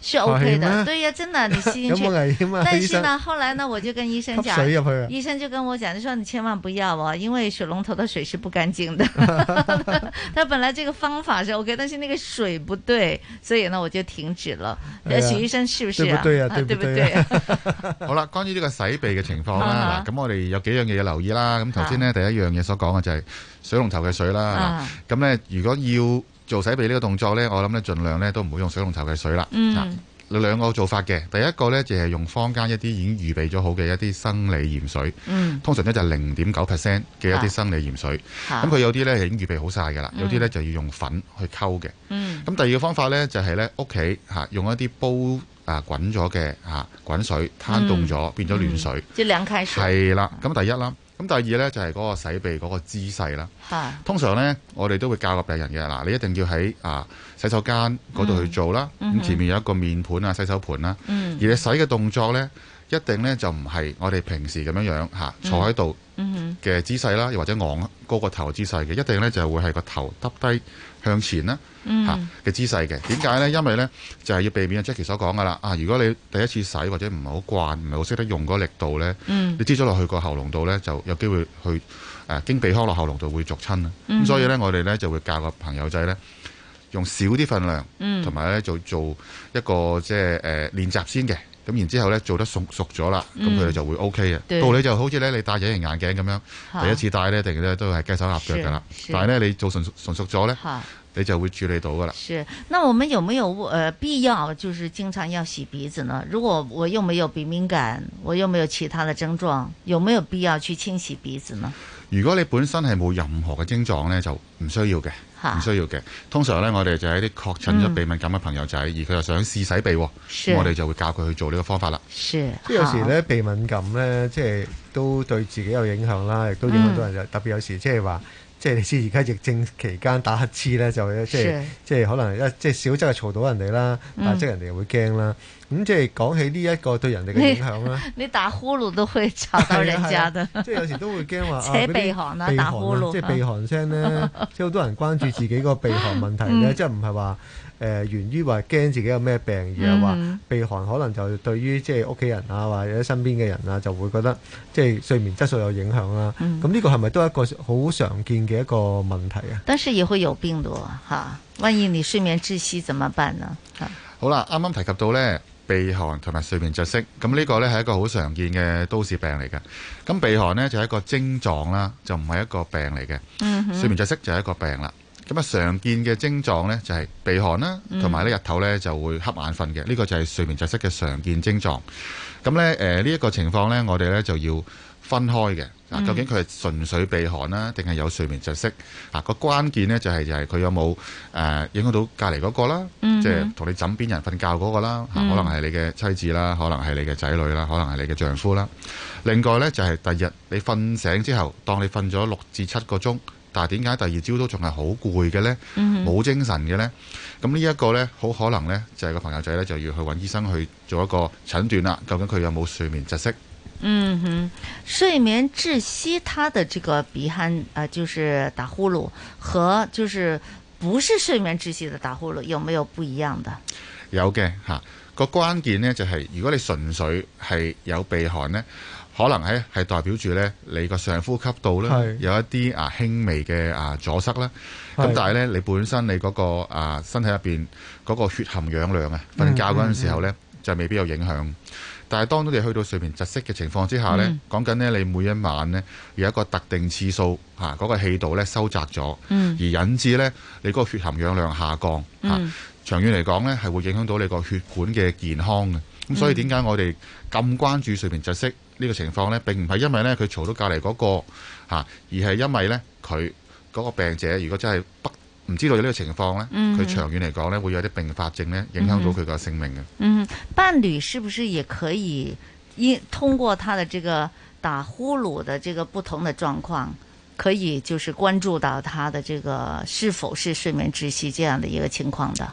是 OK 的，對呀，真的，你吸進去。但是呢，後來呢，我就跟醫生講，醫生就跟我講，就說你千萬不要哦，因為水龍頭的水是不乾淨的。他本來這個方法是 OK，但是那個水不對，所以呢我就停止了。許醫生是不是啊？對不對啊？對不對啊？好了關於這個洗鼻的情況啦，咁我哋有幾樣嘢要留意啦。咁頭先呢第一樣嘢所講嘅就係水龍頭嘅水啦。咁呢如果要。做洗鼻呢個動作呢，我諗咧盡量呢都唔會用水龍頭嘅水啦。嗯，你、啊、兩個做法嘅，第一個呢，就係用坊間一啲已經預備咗好嘅一啲生理鹽水。嗯，通常呢就係零點九 percent 嘅一啲生理鹽水。咁佢、啊啊、有啲呢已經預備好晒㗎啦，嗯、有啲呢就要用粉去溝嘅。嗯，咁、啊、第二個方法呢，就係呢屋企用一啲煲滾啊滾咗嘅嚇滾水攤凍咗變咗暖水。即兩涼開水。係啦，咁第一啦。咁第二呢，就係嗰個洗鼻嗰個姿勢啦。啊、通常呢，我哋都會教個病人嘅嗱，你一定要喺啊洗手間嗰度去做啦。咁、嗯嗯、前面有一個面盤啊、洗手盤啦。嗯、而你洗嘅動作呢、嗯嗯，一定呢就唔係我哋平時咁樣樣坐喺度嘅姿勢啦，又或者昂高個頭姿勢嘅，一定呢，就會係個頭耷低。向前啦嚇嘅姿勢嘅，點解、嗯、呢？因為呢就係、是、要避免啊、就是、Jackie 所講嘅啦啊！如果你第一次洗或者唔係好慣，唔係好識得用嗰個力度呢，嗯、你擠咗落去個喉嚨度呢，就有機會去誒、啊、經鼻腔落喉嚨度會灼親啊！咁、嗯、所以呢，我哋呢就會教個朋友仔呢，用少啲份量，同埋、嗯、呢就做，做一個即係誒練習先嘅。咁然之後呢，做得熟熟咗啦，咁佢哋就會 OK 嘅道理就好似呢，你戴隱形眼鏡咁樣，好第一次戴呢，定都係雞手鴨腳嘅啦。但係呢，你做純，純熟熟咗呢。你就會處理到噶啦。是，那我們有沒有、呃、必要，就是經常要洗鼻子呢？如果我又沒有鼻敏感，我又沒有其他的症狀，有沒有必要去清洗鼻子呢？如果你本身係冇任何嘅症狀呢，就唔需要嘅，唔需要嘅。通常呢，我哋就係啲確診咗鼻敏感嘅朋友仔，嗯、而佢又想試洗鼻、喔，是我哋就會教佢去做呢個方法啦。是，即有時呢，鼻敏感呢，即係都對自己有影響啦，亦都影響到人，特別有時、嗯、即係話。即係你知而家疫症期間打乞嗤咧，就即係的即係可能一即係小則係嘈到人哋啦，但即係人哋會驚啦。咁即係講起呢一個對人哋嘅影響啦。你打呼嚕都會吵到人家嘅、 <laughs> 啊啊。即係有時都會驚話扯鼻鼾啦， <laughs> 啊、打呼魯寒、啊、即係鼻鼾聲咧，即係好多人關注自己個鼻鼾問題咧， <laughs> 嗯、即係唔係話。誒、呃、源於話驚自己有咩病，而係話鼻鼾可能就對於即係屋企人啊，或者身邊嘅人啊，就會覺得即係睡眠質素有影響啦、啊。咁呢、嗯、個係咪都係一個好常見嘅一個問題啊？但是也會有病毒嚇、啊，萬一你睡眠窒息怎麼辦呢？啊、好啦，啱啱提及到呢，鼻鼾同埋睡眠窒息，咁呢個呢係一個好常見嘅都市病嚟嘅。咁鼻鼾呢，就係一個症狀啦，就唔係一個病嚟嘅。嗯、哼睡眠窒息就係一個病啦。咁啊，常見嘅症狀咧就係鼻鼾啦，同埋咧日頭咧就會瞌眼瞓嘅。呢個就係睡眠窒息嘅常見症狀。咁咧誒呢一個情況咧，我哋咧就要分開嘅嗱，究竟佢係純粹鼻鼾啦，定係有睡眠窒息啊？個關鍵咧就係就係佢有冇誒影響到隔離嗰個啦，即係同你枕邊人瞓覺嗰個啦，可能係你嘅妻子啦，可能係你嘅仔女啦，可能係你嘅丈夫啦。另外咧就係第二日你瞓醒之後，當你瞓咗六至七個鐘。但係點解第二朝都仲係好攰嘅呢？冇、mm hmm. 精神嘅呢？咁呢一個呢，好可能呢，就係個朋友仔呢，就要去揾醫生去做一個診斷啦。究竟佢有冇睡、mm hmm. 睡眠窒息？嗯哼，睡眠窒息，他的這個鼻鼾啊，就是打呼嚕，和就是不是睡眠窒息的打呼嚕，有沒有不一樣的？有嘅嚇、啊，個關鍵呢，就係、是，如果你純粹係有鼻鼾呢。可能呢係代表住呢，你個上呼吸道呢有一啲啊輕微嘅啊阻塞啦。咁但係呢，你本身你嗰個啊身體入邊嗰個血含氧量啊，瞓覺嗰陣時候呢就未必有影響。嗯嗯嗯、但係當你去到睡眠窒息嘅情況之下呢，講緊呢你每一晚呢有一個特定次數嚇嗰個氣道呢收窄咗，嗯、而引致呢你嗰個血含氧量下降嚇。嗯、長遠嚟講呢係會影響到你個血管嘅健康嘅。咁、嗯、所以點解我哋咁關注睡眠窒息？呢個情況呢，並唔係因為呢，佢嘈到隔離嗰個、啊、而係因為呢，佢嗰、那個病者如果真係不唔知道有呢個情況呢，佢、嗯、哼長遠嚟講呢，會有啲併發症呢，影響到佢個性命嘅。嗯，伴侶是不是也可以因通過他的這個打呼嚕的這個不同的狀況，可以就是關注到他的這個是否是睡眠窒息這樣的一個情況的？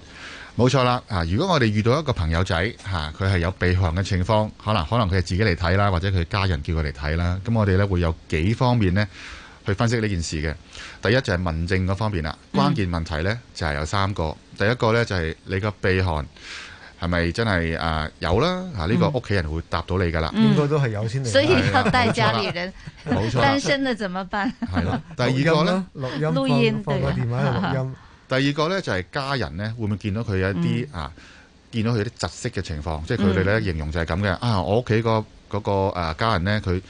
冇錯啦，啊！如果我哋遇到一個朋友仔，嚇佢係有鼻鼾嘅情況，可能可能佢係自己嚟睇啦，或者佢家人叫佢嚟睇啦，咁我哋咧會有幾方面呢去分析呢件事嘅。第一就係民政嗰方面啦，關鍵問題呢就係有三個。嗯、第一個呢就係你個鼻鼾係咪真係啊有啦？嚇呢個屋企人會答到你噶啦，嗯、應該都係有先所以要帶家裏人。 <laughs> 冇錯。單身嘅怎麼辦？係啦。 <laughs> 第二個呢，錄音，錄音放，放個電話錄音。第二個咧就係家人咧，會唔會見到佢有一啲啊？見到佢有啲窒息嘅情況，嗯、即係佢哋咧形容就係咁嘅啊！我屋企個嗰個家人咧，佢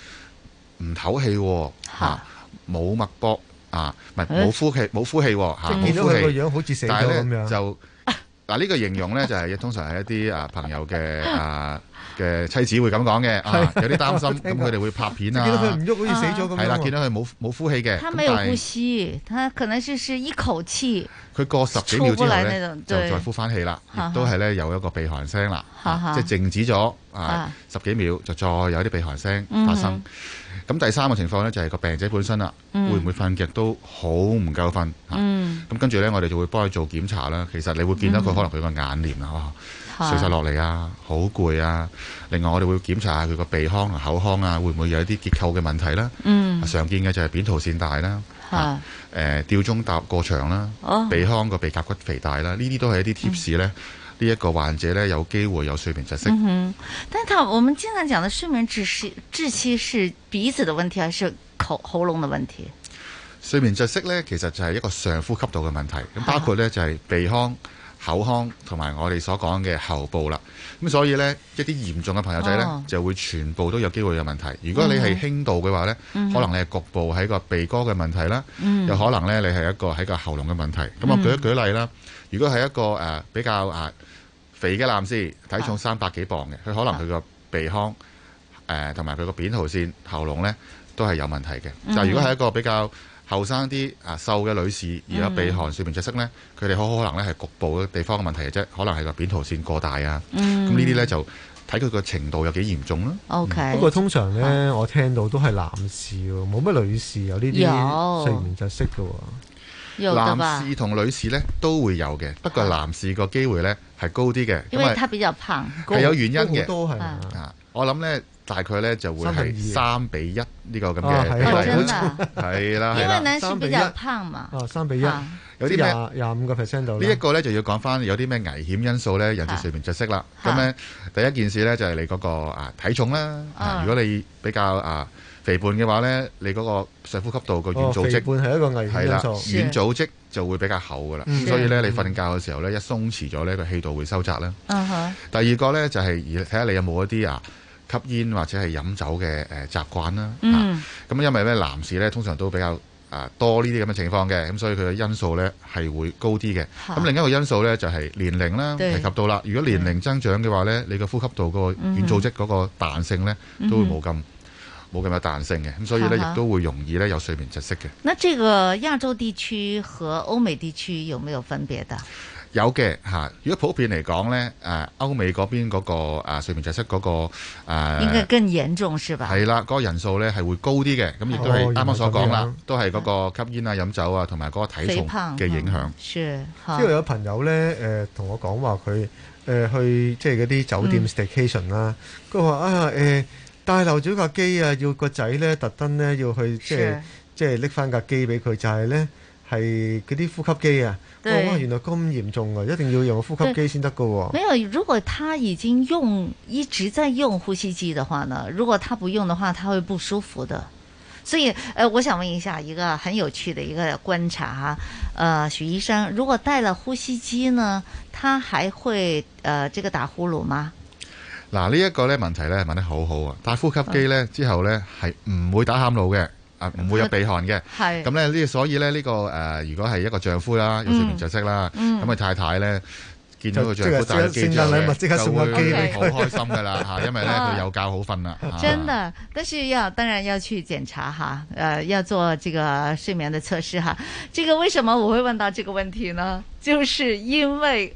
唔唞氣，嚇冇脈搏啊，唔係冇呼氣，冇呼氣，嚇冇呼氣，個樣好似死咗咁樣。就嗱呢、啊呢個形容咧、就係，就係通常係一啲誒朋友嘅誒。啊 <laughs> 嘅妻子會咁講嘅，有啲擔心，咁佢哋會拍片啊。見到佢唔喐，好似死咗咁。係啦，見到佢冇冇呼氣嘅。佢冇呼吸，佢可能就是一口氣。佢過十幾秒之後咧就再呼翻氣啦，都係咧有一個鼻鼾聲啦，即係靜止咗啊十幾秒就再有啲鼻鼾聲發生。咁第三個情況咧就係個病者本身啦，會唔會瞓極都好唔夠瞓？咁跟住咧，我哋就會幫佢做檢查啦。其實你會見到佢可能佢個眼瞼啊。睡晒落嚟啊，好攰啊！另外我哋會檢查下佢個鼻腔、口腔啊，會唔會有一啲結構嘅問題啦？嗯，常見嘅就係扁桃腺大啦，吓、啊，誒、啊，吊鐘搭過長啦，哦、鼻腔個鼻甲骨肥大啦，呢啲都係一啲貼士咧。呢一、嗯、個患者，咧，有機會有睡眠窒息。嗯哼，但他我們經常講的睡眠窒息，窒息是鼻子的問題，還是口喉嚨的問題？睡眠窒息咧，其實就係一個上呼吸道嘅問題，咁、啊、包括咧就係、是、鼻腔。口腔同埋我哋所講嘅喉部啦，咁所以呢，一啲嚴重嘅朋友仔呢，oh. 就會全部都有機會有問題。如果你係輕度嘅話呢，mm hmm. 可能你係局部喺個鼻哥嘅問題啦，有、mm hmm. 可能呢，你係一個喺個喉嚨嘅問題。咁、mm hmm. 我舉一舉例啦，如果係一個誒、呃、比較啊肥嘅男士，體重三百幾磅嘅，佢、uh huh. 可能佢個鼻腔誒同埋佢個扁桃腺、喉嚨呢，都係有問題嘅。但、mm hmm. 如果係一個比較。後生啲啊瘦嘅女士，而家鼻鼾睡眠窒息咧，佢哋好可能咧係局部嘅地方嘅問題嘅啫，可能係個扁桃腺過大啊。咁、嗯啊、呢啲咧就睇佢個程度有幾嚴重啦、啊。OK、嗯。不過通常咧，是我聽到都係男士喎，冇乜女士有呢啲嘢睡眠窒息嘅喎。有男士同女士咧都會有嘅，不過男士個機會咧係、啊、高啲嘅。因為佢比較胖，係有原因嘅。多的我諗咧。大概咧就會係三比一呢個咁嘅比例係啦，因為你比較胖嘛。哦，三比一有啲廿廿五個 percent 到。呢一個咧就要講翻有啲咩危險因素咧，引起睡眠窒息啦。咁咧第一件事咧就係你嗰個啊體重啦。如果你比較啊肥胖嘅話咧，你嗰個上呼吸道個軟組織係一個危險因素啦，軟組織就會比較厚噶啦，所以咧你瞓覺嘅時候咧一鬆弛咗呢，個氣道會收窄啦。第二個咧就係而睇下你有冇一啲啊。吸煙或者係飲酒嘅誒習慣啦，咁、呃嗯啊、因為咧男士咧通常都比較誒、呃、多呢啲咁嘅情況嘅，咁所以佢嘅因素咧係會高啲嘅。咁哈、啊、另一個因素咧就係、是、年齡啦，對提及到啦，如果年齡增長嘅話咧，嗯、你個呼吸道個軟組織嗰個彈性咧、嗯、都冇咁冇咁有彈性嘅，咁所以咧、嗯、亦都會容易咧有睡眠窒息嘅。那這個亞洲地區和歐美地區有沒有分別的？有嘅嚇，如果普遍嚟講咧，誒歐美嗰邊嗰個誒睡眠窒息嗰個誒，應該更嚴重是吧？係啦，嗰個人數咧係會高啲嘅，咁亦都係啱啱所講啦，都係嗰個吸煙啊、飲酒啊同埋嗰個體重嘅影響。是，即係有朋友咧誒同我講話佢誒去即係嗰啲酒店 staycation 啦，佢話啊誒帶漏咗架機啊，要個仔咧特登咧要去即係即係拎翻架機俾佢，就係咧係嗰啲呼吸機啊。哦、原來咁嚴重啊！一定要用呼吸機先得噶。沒有，如果他已經用，一直在用呼吸機的話呢？如果他不用的話，他會不舒服的。所以，誒、呃，我想問一下一個很有趣的一個觀察哈。誒、呃，許醫生，如果帶了呼吸機呢，他還會呃這個打呼嚕嗎？嗱，呢一個咧問題呢問得好好啊！戴呼吸機呢之後呢係唔會打喊嚕嘅。唔會有鼻鼾嘅，係咁咧呢，所以咧呢個誒、呃，如果係一個丈夫啦，有睡眠窒息啦，咁啊、嗯、太太咧見到個丈夫戴咗就機，機，即刻禮物即刻送個機好開心噶啦吓，啊、因為咧佢有覺好瞓啦。啊、真的，但是要當然要去檢查吓，誒、呃，要做這個睡眠嘅測試哈。這個為什麼我會問到這個問題呢？就是因為。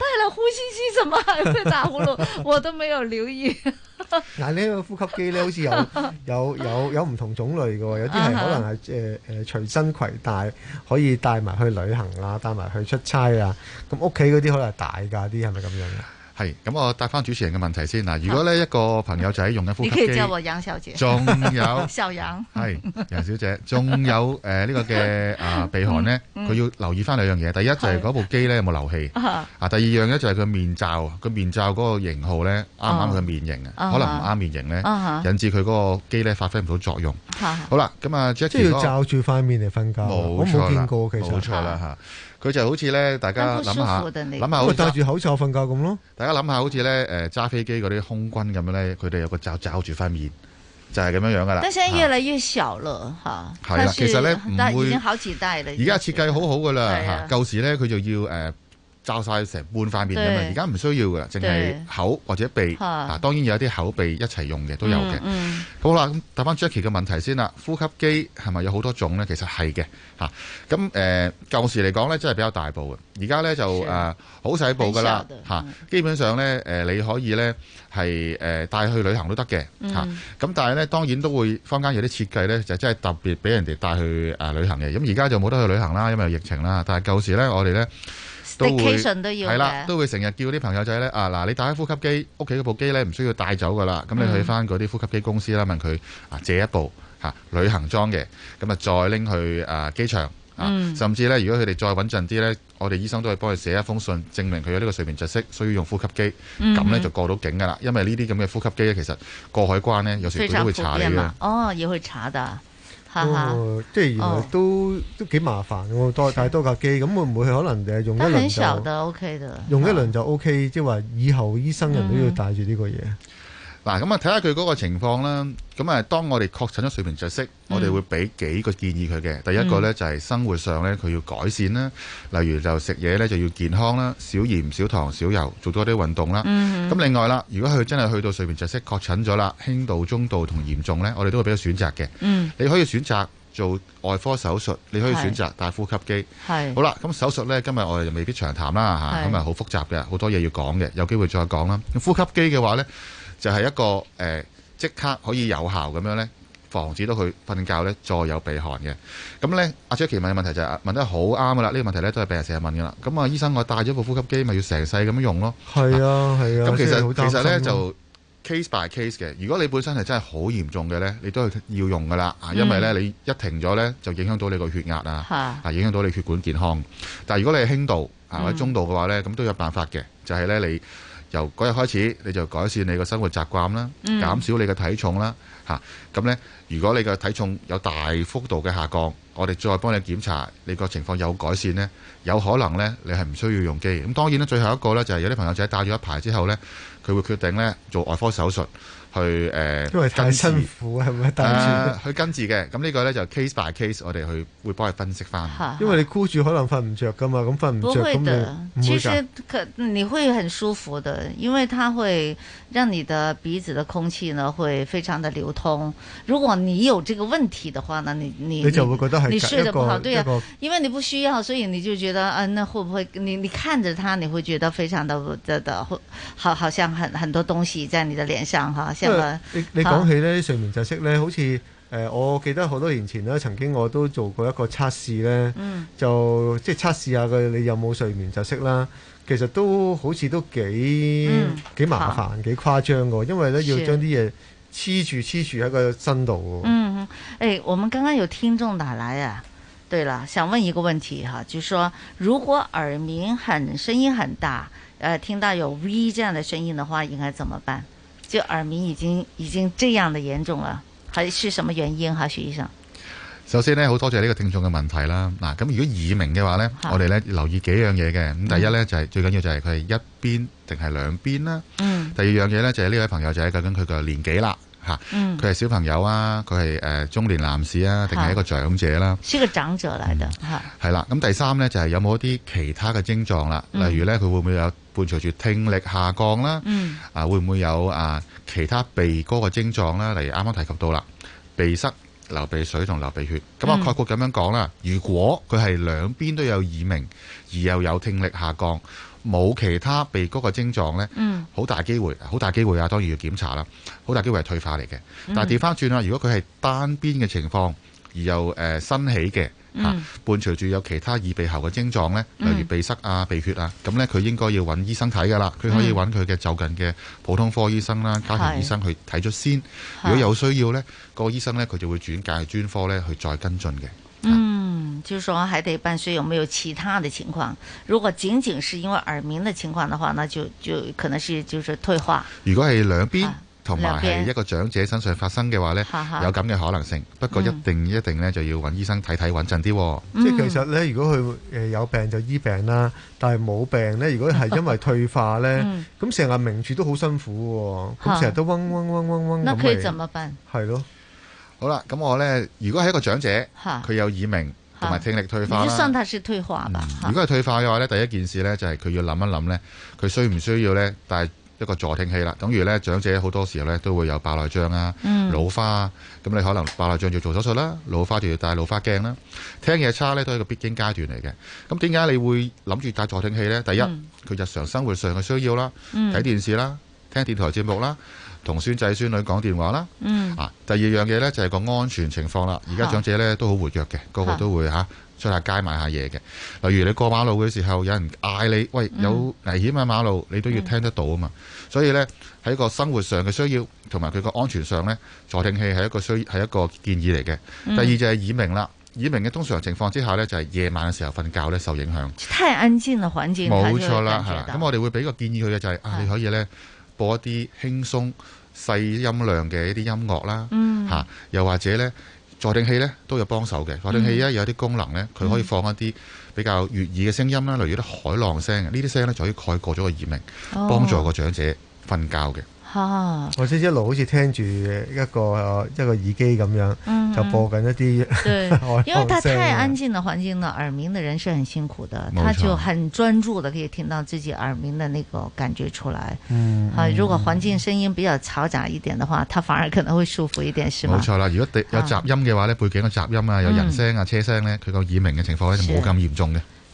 帶咗呼吸機，怎麼還會打呼嚕？ <laughs> 我都沒有留意。嗱、 <laughs> 啊，呢個呼吸機咧，好似有有有有唔同種類嘅，有啲係可能係誒誒隨身攜帶，可以帶埋去旅行啊，帶埋去出差啊。咁屋企嗰啲可能係大噶啲，係咪咁樣？係，咁我答翻主持人嘅問題先嗱。如果呢一個朋友仔用緊呼吸機，仲有小楊係楊小姐，仲有誒呢個嘅啊鼻鼾咧，佢要留意翻兩樣嘢。第一就係嗰部機咧有冇漏氣啊？第二樣咧就係佢面罩，個面罩嗰個型號咧啱唔啱佢面型啊？可能唔啱面型咧，引致佢嗰個機咧發揮唔到作用。好啦，咁啊即要罩住塊面嚟瞓覺，我冇見過其實。佢就好似咧，大家諗下，諗下好似戴住口罩瞓覺咁咯。大家諗下好似呢，好似咧，誒揸飛機嗰啲空軍咁樣咧，佢哋有個罩罩住塊面，就係、是、咁樣樣噶啦。但係越來越小啦，嚇。係啦，其實咧唔會。但係已經好幾代啦。而家設計好好噶啦，舊、啊啊、時咧佢就要誒。呃爆晒成半塊面啊！嘛對，而家唔需要噶啦，淨係口或者鼻對啊。當然有一啲口鼻一齊用嘅都有嘅。嗯嗯、好啦，咁答翻 Jackie 嘅問題先啦。呼吸機係咪有好多種咧？其實係嘅嚇。咁、啊、誒、呃、舊時嚟講咧，真係比較大部嘅。而家咧就誒好細部㗎啦嚇。的基本上咧誒、呃，你可以咧係誒帶去旅行都得嘅嚇。咁、嗯啊、但係咧當然都會坊間有啲設計咧，就是、真係特別俾人哋帶去誒旅行嘅。咁而家就冇得去旅行啦，因為有疫情啦。但係舊時咧，我哋咧。都會係啦，了都，都會成日叫啲朋友仔咧啊！嗱，你打開呼吸機屋企嗰部機咧，唔需要帶走噶啦。咁、嗯、你去翻嗰啲呼吸機公司啦，問佢啊借一部、啊、旅行裝嘅。咁啊，再拎去誒機場啊。嗯、甚至咧，如果佢哋再穩陣啲咧，我哋醫生都會幫佢寫一封信，證明佢有呢個睡眠窒息，需要用呼吸機。咁咧、嗯嗯、就過到境噶啦，因為呢啲咁嘅呼吸機咧，其實過海關咧有時佢都會查你嘅。哦，要去查噶。哈哈哦，即係原來都、哦、都幾麻煩，我帶多架機，咁是會唔會可能誒用一輪就？它很小的，OK 的。用一輪就 OK、啊、即係話以後醫生人都要帶住呢個嘢。嗯嗱，咁啊，睇下佢嗰個情況啦。咁啊，當我哋確診咗睡眠窒息，嗯、我哋會俾幾個建議佢嘅。第一個呢，就係生活上呢，佢要改善啦，嗯、例如就食嘢呢，就要健康啦，少鹽、少糖、少油，做多啲運動啦。咁、嗯嗯、另外啦，如果佢真係去到睡眠窒息確診咗啦，輕度、中度同嚴重呢，我哋都會俾佢選擇嘅。嗯、你可以選擇做外科手術，你可以選擇戴呼吸機。是好啦，咁手術呢，今日我哋就未必長談啦嚇，咁啊好複雜嘅，好多嘢要講嘅，有機會再講啦。呼吸機嘅話呢。就係一個誒，即、呃、刻可以有效咁樣咧，防止到佢瞓覺咧再有鼻鼾嘅。咁、嗯、咧，阿 Jacky、er、問嘅問題就係、是、問得好啱噶啦，呢、這個問題咧都係病人成日問噶啦。咁、嗯、啊，醫生，我戴咗部呼吸機，咪要成世咁樣用咯？係啊，係啊。咁、啊、其實其實咧就 case by case 嘅。如果你本身係真係好嚴重嘅咧，你都係要用噶啦。啊，因為咧、嗯、你一停咗咧，就影響到你個血壓啊，啊，影響到你血管健康。但係如果你係輕度、嗯、啊或者中度嘅話咧，咁都有辦法嘅，就係、是、咧你。由嗰日開始，你就改善你個生活習慣啦，減少你嘅體重啦，吓咁呢、嗯、如果你嘅體重有大幅度嘅下降，我哋再幫你檢查，你個情況有改善呢，有可能呢，你係唔需要用機。咁當然啦最後一個呢、就係，就係有啲朋友仔戴咗一排之後呢，佢會決定呢做外科手術。去誒，呃、因為太辛苦係咪單住？去跟住嘅咁呢個呢，就 case by case，我哋去會幫你分析翻。因為你箍住可能瞓唔着噶嘛，咁瞓唔着。著咁，會其實佢你會很舒服的，因為它會讓你的鼻子的空氣呢會非常的流通。如果你有這個問題的話呢，你你你就會覺得係你睡得不好，對呀、啊，個因為你不需要，所以你就覺得啊，那會不會你你看着它，你會覺得非常的的的，好好像很很多東西在你的臉上哈。你你講起咧，睡眠窒息呢好似誒、呃，我記得好多年前咧，曾經我都做過一個測試呢、嗯、就即係測試下佢你有冇睡眠窒息啦。其實都好似都幾、嗯、幾麻煩幾誇張㗎，因為呢是要將啲嘢黐住黐住喺個身度。嗯誒、欸，我們剛剛有聽眾打來啊，對啦，想問一個問題哈、啊，就說如果耳鳴很聲音很大，誒、呃、聽到有 V 這樣的聲音的話，應該怎麼辦？就耳鳴已經已經這樣的嚴重了，還是什麼原因哈、啊，許醫生？首先呢好多謝呢個聽眾嘅問題啦。嗱，咁如果耳鳴嘅話呢，我哋咧留意幾樣嘢嘅。咁是第一呢就係、是、最緊要就係佢係一邊定係兩邊啦。嗯、第二樣嘢呢就係呢位朋友就係究竟佢嘅年紀啦，吓。嗯。佢係小朋友啊，佢係誒中年男士啊，定係一個長者啦。是個長者嚟的吓。係啦，咁第三呢就係、是、有冇一啲其他嘅症狀啦？嗯、例如呢佢會唔會有？伴隨住聽力下降啦、嗯啊，啊，會唔會有啊其他鼻哥嘅症狀咧？例如啱啱提及到啦，鼻塞、流鼻水同流鼻血，咁啊概括咁樣講啦。嗯、如果佢係兩邊都有耳鳴，而又有聽力下降，冇其他鼻哥嘅症狀咧，好、嗯、大機會，好大機會啊！當然要檢查啦，好大機會係退化嚟嘅。但係調翻轉啦，如果佢係單邊嘅情況，而又誒新、呃、起嘅。嗯、伴隨住有其他耳鼻喉嘅症狀呢，例如鼻塞啊、鼻血啊，咁呢，佢應該要揾醫生睇㗎喇。佢可以揾佢嘅就近嘅普通科醫生啦、嗯、家庭醫生去睇咗先看。是如果有需要呢，那個醫生呢，佢就會轉介專科呢去再跟進嘅。是嗯，就上、是、說我還得伴隨有沒有其他嘅情況？如果僅僅係因為耳鳴嘅情況嘅話，那就就可能是就是退化。如果係兩邊。啊同埋係一個長者身上發生嘅話呢，有咁嘅可能性。不過一定一定呢，就要搵醫生睇睇穩陣啲。即係其實呢，如果佢有病就醫病啦。但係冇病呢，如果係因為退化呢，咁成日明住都好辛苦。咁成日都嗡嗡嗡嗡嗡咁。那佢怎麼辦？係咯。好啦，咁我呢，如果係一個長者，佢有耳鳴同埋聽力退化啦。身體是退化吧。如果係退化嘅話呢，第一件事呢，就係佢要諗一諗呢，佢需唔需要呢？但係一個助聽器啦，等於咧長者好多時候咧都會有白內障啊、嗯、老花啊，咁你可能白內障就要做手術啦、啊，老花就要戴老花鏡啦、啊。聽嘢差咧都係一個必經階段嚟嘅。咁點解你會諗住戴助聽器咧？第一，佢、嗯、日常生活上嘅需要啦，睇電視啦、啊。嗯聽電台節目啦，同孫仔孫女講電話啦。嗯。啊，第二樣嘢呢，就係、是、個安全情況啦。而家長者呢，好都好活躍嘅，個個都會下，啊、出下街買下嘢嘅。例如你過馬路嘅時候，有人嗌你，喂，嗯、有危險喺馬路，你都要聽得到啊嘛。嗯、所以呢，喺個生活上嘅需要同埋佢個安全上呢，助聽器係一個需係一個建議嚟嘅。嗯、第二就係耳鳴啦，耳鳴嘅通常情況之下呢，就係、是、夜晚嘅時候瞓覺呢，受影響。太安靜嘅環境。冇錯啦，咁我哋會俾個建議佢嘅就係、是、啊，你可以呢。啊播一啲輕鬆細音量嘅一啲音樂啦，嚇、嗯、又或者呢，助聽器呢都有幫手嘅。助聽器呢有啲功能呢，佢可以放一啲比較悅耳嘅聲音啦，例如啲海浪聲，聲音呢啲聲呢就可以蓋過咗個耳鳴，幫助個長者瞓覺嘅。哦哦，我即係一路好似聽住一個一個耳機咁樣，就播緊一啲。因為它太安靜的環境呢，耳鳴的人是很辛苦的，冇錯，他就很專注的可以聽到自己耳鳴的那個感覺出來。嗯，啊，如果環境聲音比較嘈雜一點的話，他反而可能會舒服一點，是嗎？冇錯啦，如果有雜音的話咧，背景嘅雜音啊，有人聲啊、車聲咧，佢個耳鳴的情況咧就冇咁嚴重嘅。